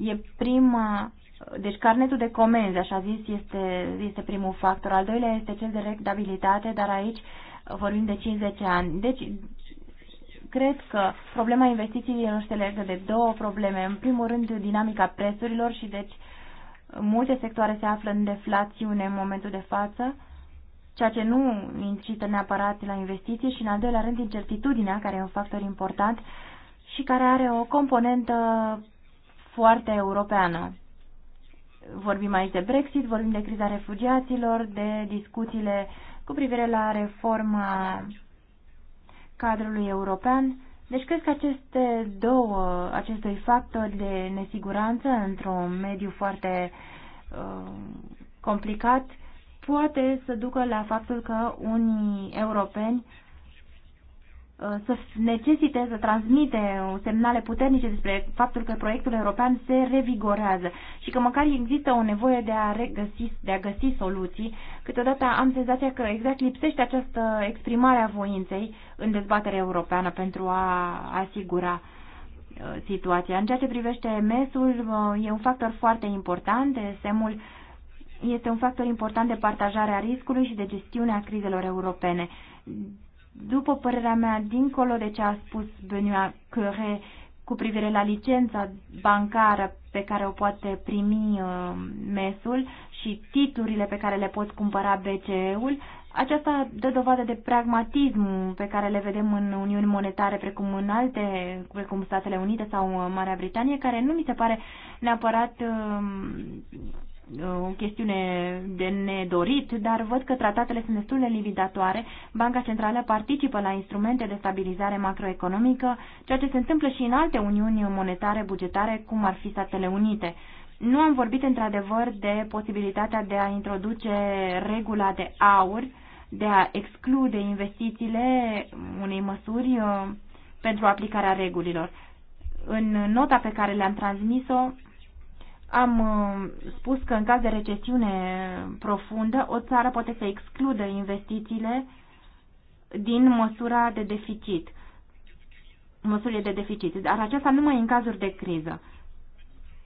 E prima deci carnetul de comenzi, așa zis, este, este primul factor. Al doilea este cel de redabilitate, dar aici vorbim de 50 ani. Deci cred că problema investițiilor se legă de două probleme. În primul rând, dinamica prețurilor și deci multe sectoare se află în deflațiune în momentul de față, ceea ce nu incită neapărat la investiții și, în al doilea rând, incertitudinea, care e un factor important și care are o componentă foarte europeană. Vorbim aici de Brexit, vorbim de criza refugiaților, de discuțiile cu privire la reforma cadrului european. Deci cred că aceste două, acest doi factori de nesiguranță într-un mediu foarte uh, complicat poate să ducă la faptul că unii europeni Uh, să necesite să transmite semnale puternice despre faptul că proiectul european se revigorează și că măcar există o nevoie de a, regăsi, de a găsi soluții. Câteodată am senzația că exact lipsește această exprimare a voinței în dezbaterea europeană pentru a asigura uh, situația. În ceea ce privește MES-ul, uh, e un factor foarte important. de semul este un factor important de partajare a riscului și de gestiunea a crizelor europene după părerea mea, dincolo de ce a spus Benoît Căre cu privire la licența bancară pe care o poate primi uh, mesul și titlurile pe care le pot cumpăra BCE-ul, aceasta dă dovadă de pragmatism pe care le vedem în Uniuni Monetare, precum în alte, precum Statele Unite sau uh, Marea Britanie, care nu mi se pare neapărat uh, o chestiune de nedorit, dar văd că tratatele sunt destul de limitatoare. Banca Centrală participă la instrumente de stabilizare macroeconomică, ceea ce se întâmplă și în alte uniuni monetare, bugetare, cum ar fi Statele Unite. Nu am vorbit într-adevăr de posibilitatea de a introduce regula de aur, de a exclude investițiile unei măsuri uh, pentru aplicarea regulilor. În nota pe care le-am transmis-o, am uh, spus că în caz de recesiune profundă, o țară poate să excludă investițiile din măsura de deficit, măsurile de deficit, dar aceasta numai în cazuri de criză.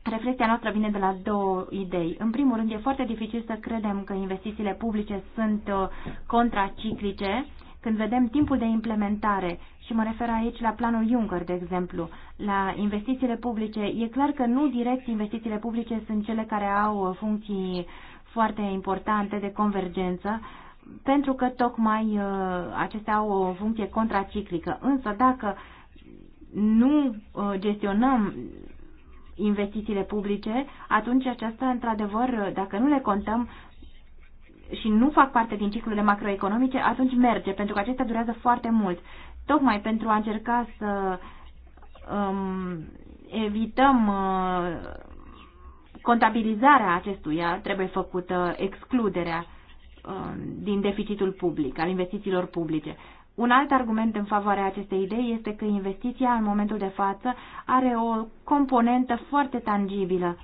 Reflexia noastră vine de la două idei. În primul rând, e foarte dificil să credem că investițiile publice sunt uh, contraciclice când vedem timpul de implementare și mă refer aici la planul Juncker, de exemplu, la investițiile publice. E clar că nu direct investițiile publice sunt cele care au funcții foarte importante de convergență, pentru că tocmai uh, acestea au o funcție contraciclică. Însă dacă nu uh, gestionăm investițiile publice, atunci aceasta, într-adevăr, dacă nu le contăm, și nu fac parte din ciclurile macroeconomice, atunci merge, pentru că acestea durează foarte mult tocmai pentru a încerca să um, evităm uh, contabilizarea acestuia, trebuie făcută excluderea uh, din deficitul public, al investițiilor publice. Un alt argument în favoarea acestei idei este că investiția în momentul de față are o componentă foarte tangibilă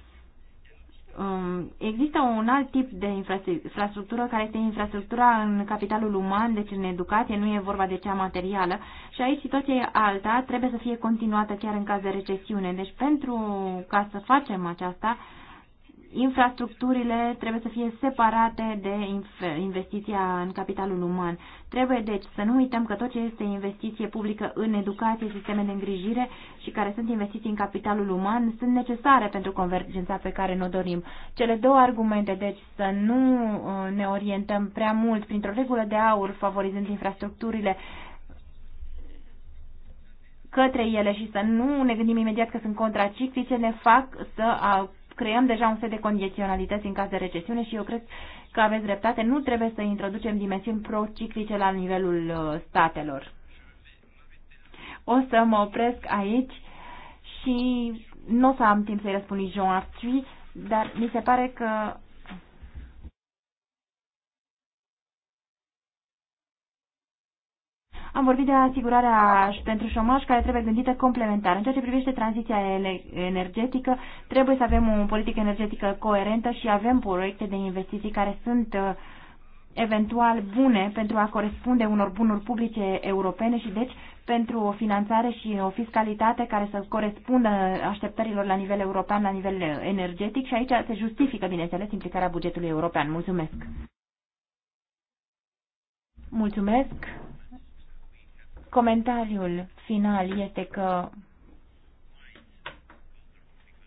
Um, există un alt tip de infrastructură care este infrastructura în capitalul uman, deci în educație, nu e vorba de cea materială și aici situația e alta, trebuie să fie continuată chiar în caz de recesiune. Deci pentru ca să facem aceasta, uh, infrastructurile trebuie să fie separate de investiția în capitalul uman. Trebuie deci să nu uităm că tot ce este investiție publică în educație, sisteme de îngrijire și care sunt investiții în capitalul uman sunt necesare pentru convergența pe care ne-o dorim. Cele două argumente, deci să nu uh, ne orientăm prea mult printr-o regulă de aur favorizând infrastructurile către ele și să nu ne gândim imediat că sunt contraciclice, ne fac să creăm deja un set de condiționalități în caz de recesiune și eu cred că aveți dreptate, nu trebuie să introducem dimensiuni prociclice la nivelul uh, statelor. O să mă opresc aici și nu o să am timp să-i răspund lui Jean Arthuis, dar mi se pare că Am vorbit de asigurarea pentru șomaj care trebuie gândită complementar. În ceea ce privește tranziția energetică, trebuie să avem o politică energetică coerentă și avem proiecte de investiții care sunt uh, eventual bune pentru a corespunde unor bunuri publice europene și deci pentru o finanțare și o fiscalitate care să corespundă așteptărilor la nivel european, la nivel uh, energetic și aici se justifică, bineînțeles, implicarea bugetului european. Mulțumesc! Mulțumesc! Comentariul final este că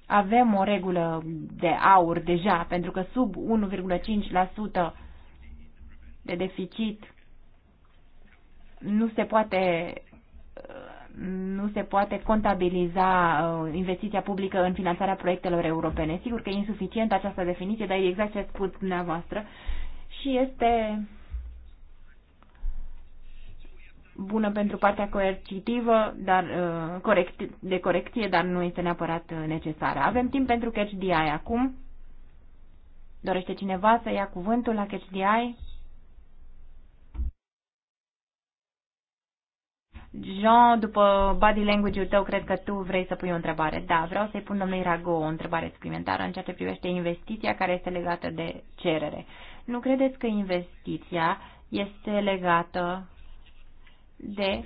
avem o regulă de aur deja, pentru că sub 1,5% de deficit nu se poate nu se poate contabiliza uh, investiția publică în finanțarea proiectelor europene. Sigur că e insuficientă această definiție, dar e exact ce ați spus dumneavoastră și este bună pentru partea coercitivă, dar, uh, corect, de corecție, dar nu este neapărat uh, necesară. Avem timp pentru catch DI acum. Dorește cineva să ia cuvântul la catch DI? Jean, după body language-ul tău, cred că tu vrei să pui o întrebare. Da, vreau să-i pun domnului Rago o întrebare suplimentară în ceea ce privește investiția care este legată de cerere. Nu credeți că investiția este legată de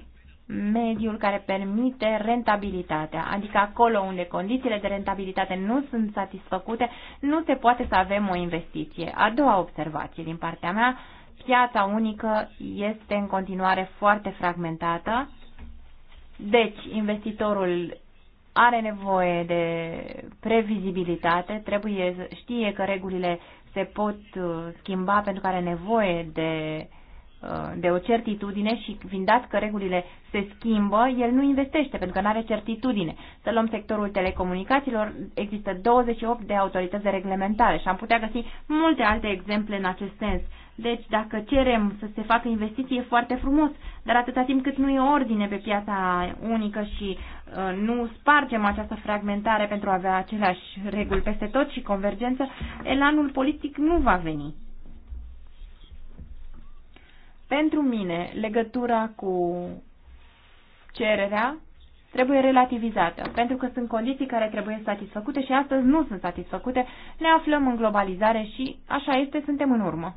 mediul care permite rentabilitatea, adică acolo unde condițiile de rentabilitate nu sunt satisfăcute, nu se poate să avem o investiție. A doua observație din partea mea, piața unică este în continuare foarte fragmentată, deci investitorul are nevoie de previzibilitate, trebuie să știe că regulile se pot schimba pentru că are nevoie de uh, Uh, de o certitudine și fiind dat că regulile se schimbă, el nu investește pentru că nu are certitudine. Să luăm sectorul telecomunicațiilor, există 28 de autorități de reglementare și am putea găsi multe alte exemple în acest sens. Deci dacă cerem să se facă investiții e foarte frumos, dar atâta timp cât nu e ordine pe piața unică și uh, nu spargem această fragmentare pentru a avea aceleași reguli peste tot și convergență, elanul politic nu va veni. Pentru mine, legătura cu cererea trebuie relativizată, pentru că sunt condiții care trebuie satisfăcute și astăzi nu sunt satisfăcute, ne aflăm în globalizare și așa este, suntem în urmă.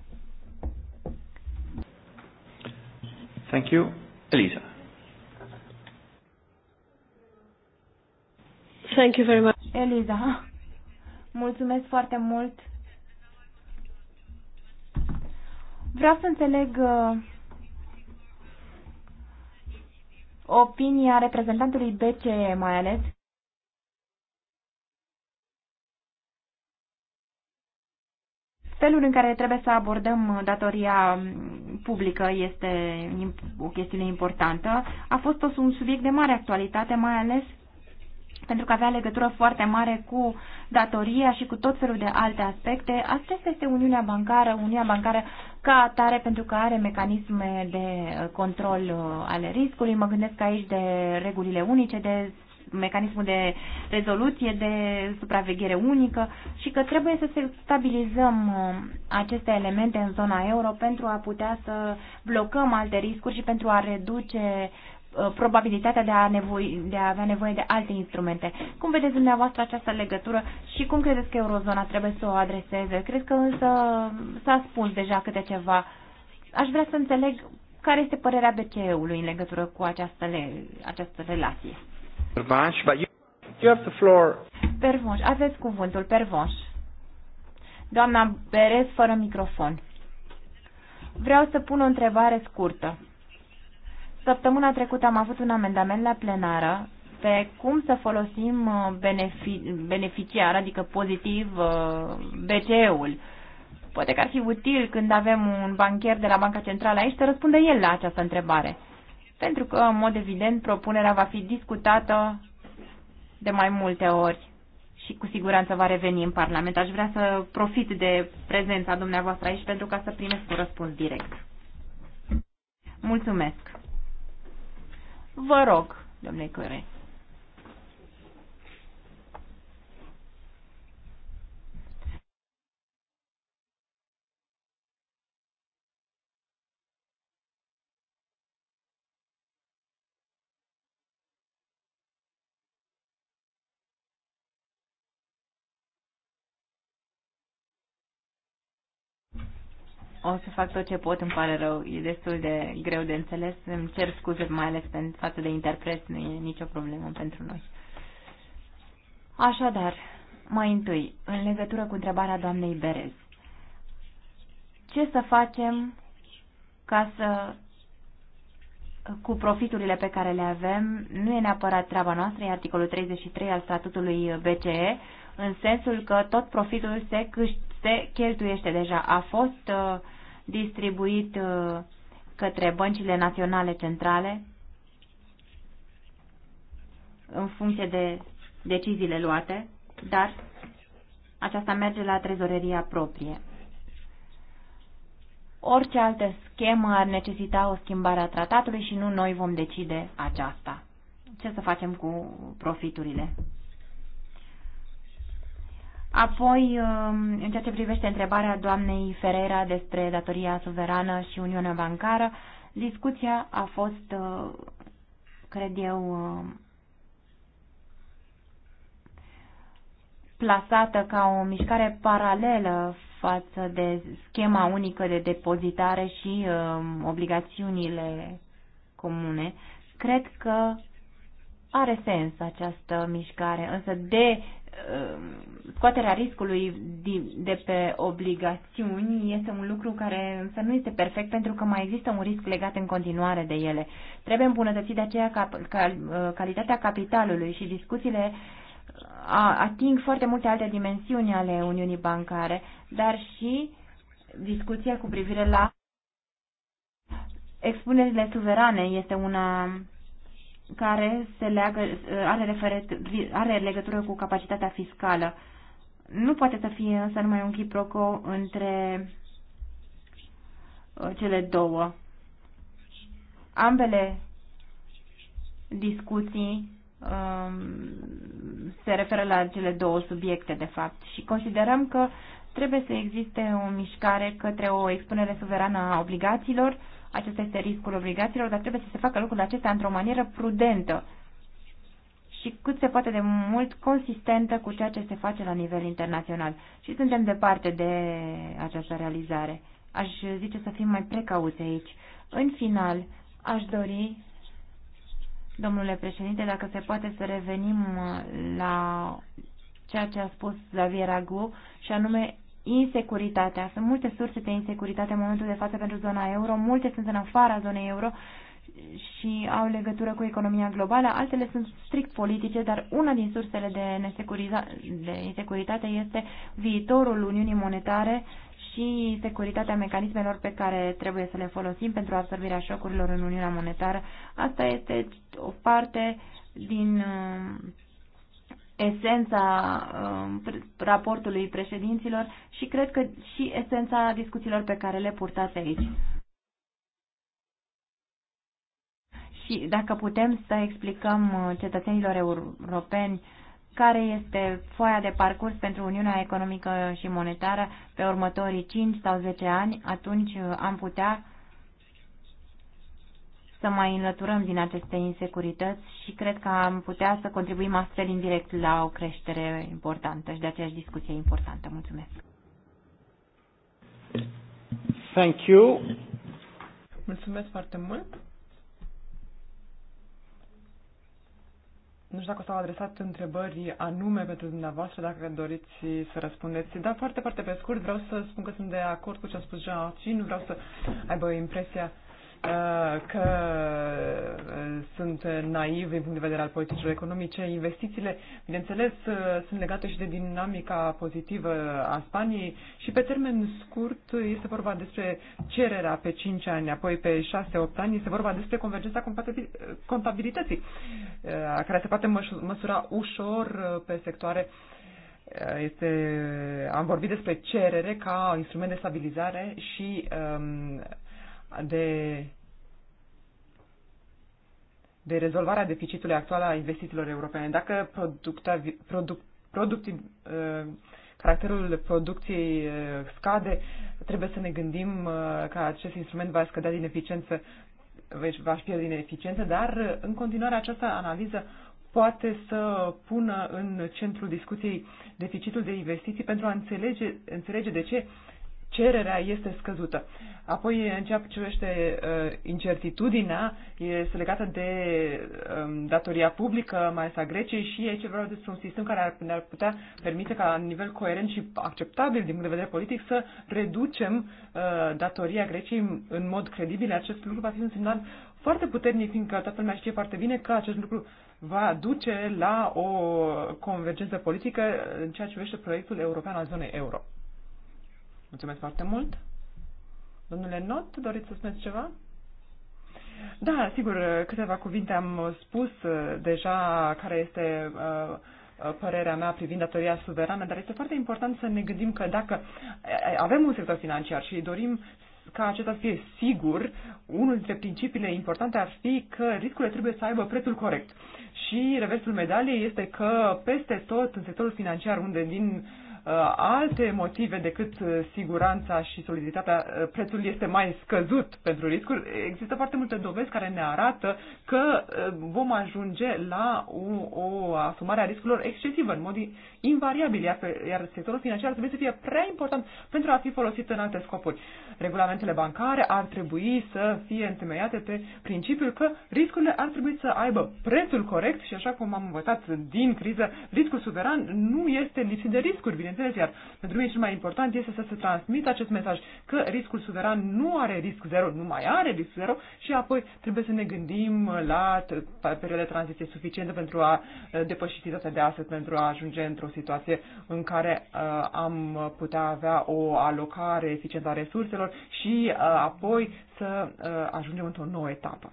Thank you. Elisa. Thank you very much. Eliza, mulțumesc foarte mult Vreau să înțeleg uh, opinia reprezentantului BCE mai ales. Felul în care trebuie să abordăm datoria um, publică este o chestiune importantă. A fost un subiect de mare actualitate, mai ales pentru că avea legătură foarte mare cu datoria și cu tot felul de alte aspecte. Aceasta este Uniunea Bancară, Uniunea Bancară ca atare pentru că are mecanisme de control uh, ale riscului. Mă gândesc aici de regulile unice, de mecanismul de rezoluție, de supraveghere unică și că trebuie să stabilizăm uh, aceste elemente în zona euro pentru a putea să blocăm alte riscuri și pentru a reduce Uh, probabilitatea de a, nevoi, de a avea nevoie de alte instrumente. Cum vedeți dumneavoastră această legătură și cum credeți că eurozona trebuie să o adreseze? Cred că însă s-a spus deja câte ceva. Aș vrea să înțeleg care este părerea BCE-ului în legătură cu această, le, această relație. Pervanș, you have the floor. Pervanș, aveți cuvântul, Pervanș. Doamna Berez, fără microfon. Vreau să pun o întrebare scurtă. Săptămâna trecută am avut un amendament la plenară pe cum să folosim uh, benefici beneficiar, adică pozitiv, uh, BCE-ul. Poate că ar fi util când avem un bancher de la Banca Centrală aici să răspundă el la această întrebare. Pentru că, în mod evident, propunerea va fi discutată de mai multe ori și cu siguranță va reveni în Parlament. Aș vrea să profit de prezența dumneavoastră aici pentru ca să primesc un răspuns direct. Mulțumesc! Vă rog, domnule Core. O să fac tot ce pot, îmi pare rău. E destul de greu de înțeles. Îmi cer scuze mai ales pentru față de interpret, nu e nicio problemă pentru noi. Așadar, mai întâi, în legătură cu întrebarea doamnei Berez, ce să facem ca să cu profiturile pe care le avem, nu e neapărat treaba noastră, e articolul 33 al statutului BCE, în sensul că tot profitul se, câș- se cheltuiește deja. A fost uh, distribuit uh, către băncile naționale centrale în funcție de deciziile luate, dar aceasta merge la trezoreria proprie. Orice altă schemă ar necesita o schimbare a tratatului și nu noi vom decide aceasta. Ce să facem cu profiturile? Apoi, um, în ceea ce privește întrebarea doamnei Ferreira despre datoria suverană și Uniunea Bancară, discuția a fost, uh, cred eu, um, plasată ca o mișcare paralelă față de schema unică de depozitare și um, obligațiunile comune. Cred că are sens această mișcare, însă de Uh, scoaterea riscului de pe obligațiuni este un lucru care însă nu este perfect pentru că mai există un risc legat în continuare de ele. Trebuie îmbunătățit de aceea cap, cal, uh, calitatea capitalului și discuțiile uh, a, ating foarte multe alte dimensiuni ale Uniunii Bancare, dar și discuția cu privire la expunerile suverane este una care se leagă, are, referet, are legătură cu capacitatea fiscală. Nu poate să fie însă numai un chiproco între uh, cele două. Ambele discuții um, se referă la cele două subiecte, de fapt, și considerăm că trebuie să existe o mișcare către o expunere suverană a obligațiilor acesta este riscul obligațiilor, dar trebuie să se facă lucrul acesta într-o manieră prudentă și cât se poate de mult consistentă cu ceea ce se face la nivel internațional. Și suntem departe de această realizare. Aș zice să fim mai precauți aici. În final, aș dori, domnule președinte, dacă se poate să revenim la ceea ce a spus Xavier Agu, și anume insecuritatea. Sunt multe surse de insecuritate în momentul de față pentru zona euro, multe sunt în afara zonei euro și au legătură cu economia globală, altele sunt strict politice, dar una din sursele de, de insecuritate este viitorul Uniunii Monetare și securitatea mecanismelor pe care trebuie să le folosim pentru absorbirea șocurilor în Uniunea Monetară. Asta este o parte din uh, esența um, raportului președinților și cred că și esența discuțiilor pe care le purtați aici. Și dacă putem să explicăm uh, cetățenilor europeni care este foaia de parcurs pentru Uniunea Economică și Monetară pe următorii 5 sau 10 ani, atunci uh, am putea să mai înlăturăm din aceste insecurități și cred că am putea să contribuim astfel indirect la o creștere importantă și de aceeași discuție importantă. Mulțumesc! Thank you. Mulțumesc foarte mult. Nu știu dacă s-au adresat întrebări anume pentru dumneavoastră, dacă doriți să răspundeți. Dar foarte, foarte pe scurt, vreau să spun că sunt de acord cu ce a spus Jean și nu vreau să aibă impresia Uh, că uh, sunt naiv din punct de vedere al politicilor economice. Investițiile, bineînțeles, uh, sunt legate și de dinamica pozitivă a Spaniei și pe termen scurt este vorba despre cererea pe 5 ani, apoi pe 6-8 ani, este vorba despre convergența contabilității, care se poate măsura ușor pe sectoare este, am vorbit despre cerere ca instrument de stabilizare și um, de, de rezolvarea deficitului actual a investițiilor europene. Dacă producta, produc, productiv, uh, caracterul producției uh, scade, trebuie să ne gândim uh, că acest instrument va scădea din eficiență, deci va pierde din eficiență, dar în continuare această analiză poate să pună în centrul discuției deficitul de investiții pentru a înțelege, înțelege de ce cererea este scăzută. Apoi, în ceea ce privește uh, incertitudinea, este legată de um, datoria publică, mai ales a Greciei, și aici vreau despre un sistem care ar, ne-ar putea permite ca, la nivel coerent și acceptabil din punct de vedere politic, să reducem uh, datoria Greciei în mod credibil. Acest lucru va fi un semnal foarte puternic, fiindcă toată lumea știe foarte bine că acest lucru va duce la o convergență politică în ceea ce privește proiectul european al zonei euro. Mulțumesc foarte mult. Domnule Not, doriți să spuneți ceva? Da, sigur, câteva cuvinte am spus uh, deja care este uh, uh, părerea mea privind datoria suverană, dar este foarte important să ne gândim că dacă avem un sector financiar și dorim ca acesta să fie sigur, unul dintre principiile importante ar fi că riscurile trebuie să aibă prețul corect. Și reversul medaliei este că peste tot în sectorul financiar, unde din Uh, alte motive decât uh, siguranța și soliditatea, uh, prețul este mai scăzut pentru riscuri. Există foarte multe dovezi care ne arată că vom ajunge la o, o asumare a riscurilor excesivă, în mod invariabil, iar, iar sectorul financiar trebuie să fie prea important pentru a fi folosit în alte scopuri. Regulamentele bancare ar trebui să fie întemeiate pe principiul că riscurile ar trebui să aibă prețul corect și așa cum am învățat din criză, riscul suveran nu este lipsit de riscuri, bine bineînțeles, iar pentru mine cel mai important este să se transmită acest mesaj că riscul suveran nu are risc zero, nu mai are risc zero și apoi trebuie să ne gândim la perioada de tranziție suficientă pentru a uh, depăși situația de astăzi, pentru a ajunge într-o situație în care uh, am putea avea o alocare eficientă a resurselor și uh, apoi să uh, ajungem într-o nouă etapă.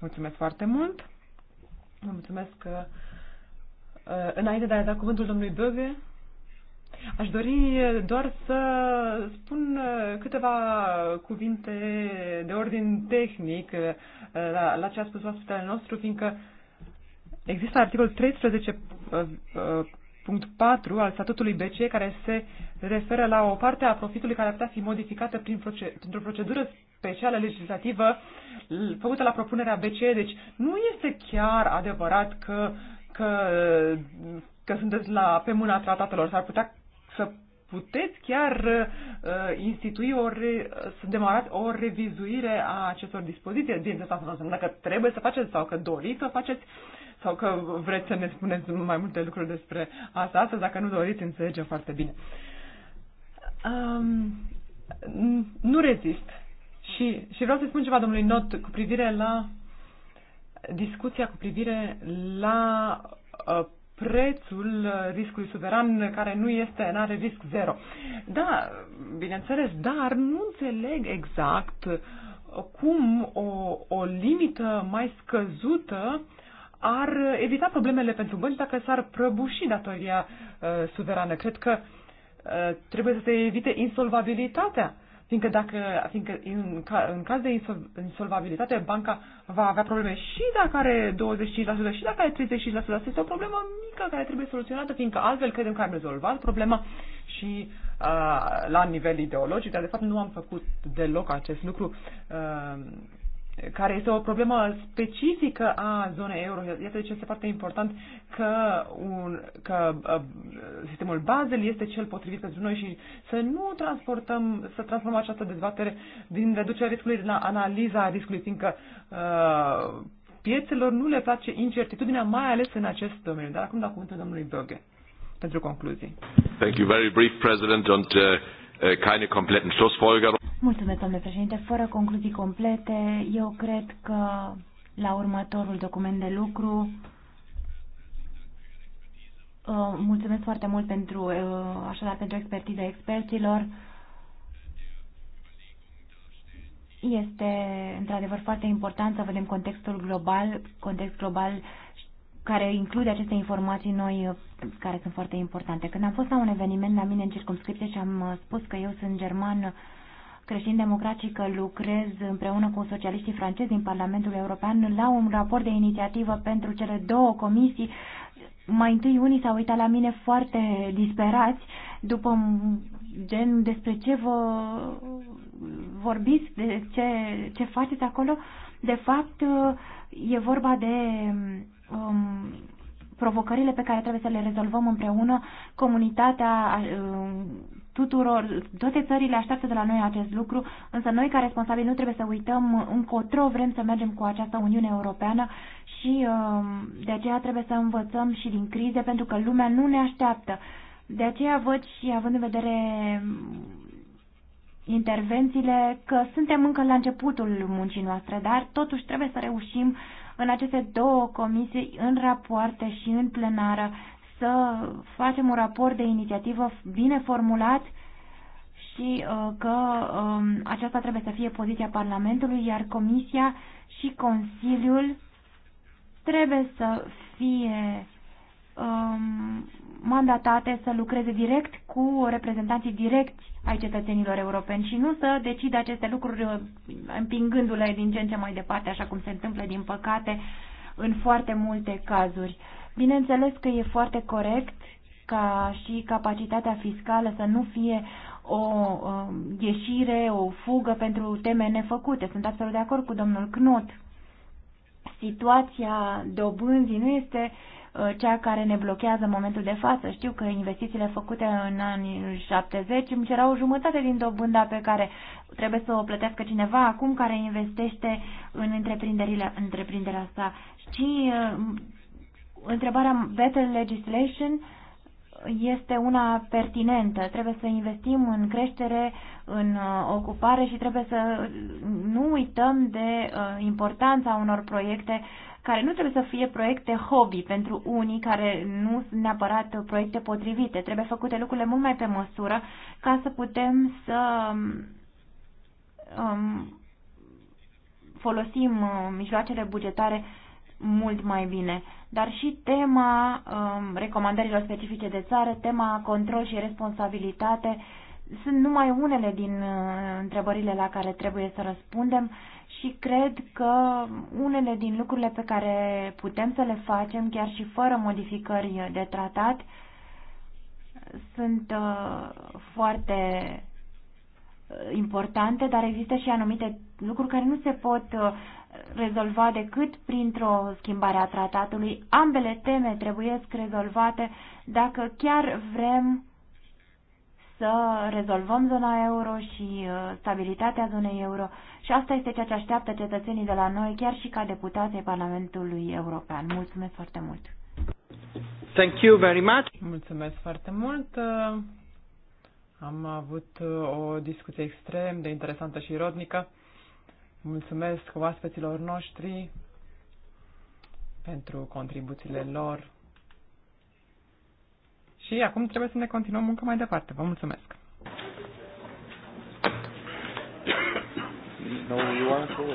Mulțumesc foarte mult! Mulțumesc că Uh, înainte de a da cuvântul domnului Băge, aș dori doar să spun uh, câteva cuvinte de ordin tehnic uh, la, la ce a spus oaspetele nostru, fiindcă există articolul 13 punct 4 al statutului BC care se referă la o parte a profitului care ar putea fi modificată prin proce- printr-o procedură specială legislativă făcută la propunerea BC. Deci nu este chiar adevărat că că, că sunteți la, pe mâna tratatelor. S-ar putea să puteți chiar uh, institui o re, să demarați o revizuire a acestor dispoziții. Bineînțeles, deci, asta nu înseamnă că trebuie să faceți sau că doriți să faceți sau că vreți să ne spuneți mai multe lucruri despre asta astăzi. Dacă nu doriți, înțelegem foarte bine. Um, nu rezist. Și, și vreau să spun ceva domnului Not cu privire la discuția cu privire la ă, prețul riscului suveran care nu este, nu are risc zero. Da, bineînțeles, dar nu înțeleg exact ă, cum o, o limită mai scăzută ar evita problemele pentru bănci dacă s-ar prăbuși datoria uh, suverană. Cred că uh, trebuie să se evite insolvabilitatea uh, Fiindcă, dacă, fiindcă în, ca, în caz de insolvabilitate, banca va avea probleme și dacă are 25%, și dacă are 35%. Este o problemă mică care trebuie soluționată, fiindcă altfel credem că am rezolvat problema și uh, la nivel ideologic, dar de fapt nu am făcut deloc acest lucru. Uh, care este o problemă specifică a zonei euro. Iată de ce este foarte important că, un, că uh, sistemul Basel este cel potrivit pentru noi și să nu transportăm, să transformăm această dezbatere din reducerea riscului la analiza riscului, fiindcă uh, piețelor nu le place incertitudinea, mai ales în acest domeniu. Dar acum dau cuvântul domnului Doge pentru concluzii. Thank you. Very brief, President, and uh, uh keine kompletten Schlussfolgerungen. Mulțumesc, domnule președinte. Fără concluzii complete, eu cred că la următorul document de lucru uh, mulțumesc foarte mult pentru, uh, așadar, pentru expertiza experților. Este, într-adevăr, foarte important să vedem contextul global, context global care include aceste informații noi care sunt foarte importante. Când am fost la un eveniment la mine în circumscripție și am uh, spus că eu sunt german, creștin-democrații că lucrez împreună cu socialiștii francezi din Parlamentul European la un raport de inițiativă pentru cele două comisii. Mai întâi unii s-au uitat la mine foarte disperați, după gen despre ce vă vorbiți, de ce, ce faceți acolo. De fapt, e vorba de um, provocările pe care trebuie să le rezolvăm împreună, comunitatea um, tuturor, toate țările așteaptă de la noi acest lucru, însă noi ca responsabili nu trebuie să uităm încotro vrem să mergem cu această Uniune Europeană și um, de aceea trebuie să învățăm și din crize, pentru că lumea nu ne așteaptă. De aceea văd și având în vedere um, intervențiile că suntem încă la începutul muncii noastre, dar totuși trebuie să reușim în aceste două comisii, în rapoarte și în plenară, să facem un raport de inițiativă bine formulat și uh, că um, aceasta trebuie să fie poziția Parlamentului, iar Comisia și Consiliul trebuie să fie um, mandatate să lucreze direct cu reprezentanții direcți ai cetățenilor europeni și nu să decide aceste lucruri uh, împingându-le din ce în ce mai departe, așa cum se întâmplă, din păcate, în foarte multe cazuri. Bineînțeles că e foarte corect ca și capacitatea fiscală să nu fie o ieșire, o fugă pentru teme nefăcute. Sunt absolut de acord cu domnul Knot. Situația dobânzii nu este uh, cea care ne blochează în momentul de față. Știu că investițiile făcute în anii 70 îmi cerau jumătate din dobânda pe care trebuie să o plătească cineva acum care investește în întreprinderile, întreprinderea sa. Și uh, întrebarea better legislation este una pertinentă. Trebuie să investim în creștere, în uh, ocupare și trebuie să nu uităm de uh, importanța unor proiecte care nu trebuie să fie proiecte hobby pentru unii care nu sunt neapărat proiecte potrivite. Trebuie făcute lucrurile mult mai pe măsură ca să putem să um, folosim uh, mijloacele bugetare mult mai bine dar și tema um, recomandărilor specifice de țară, tema control și responsabilitate. Sunt numai unele din uh, întrebările la care trebuie să răspundem și cred că unele din lucrurile pe care putem să le facem, chiar și fără modificări de tratat, sunt uh, foarte Uh, importante, dar există și anumite lucruri care nu se pot uh, rezolva decât printr-o schimbare a tratatului. Ambele teme trebuie rezolvate dacă chiar vrem să rezolvăm zona euro și uh, stabilitatea zonei euro și asta este ceea ce așteaptă cetățenii de la noi, chiar și ca deputații Parlamentului European. Mulțumesc foarte mult! Thank you very much! Mulțumesc foarte mult! Am avut uh, o discuție extrem de interesantă și rodnică. Mulțumesc oaspeților noștri pentru contribuțiile lor. Și acum trebuie să ne continuăm munca mai departe. Vă mulțumesc! No, you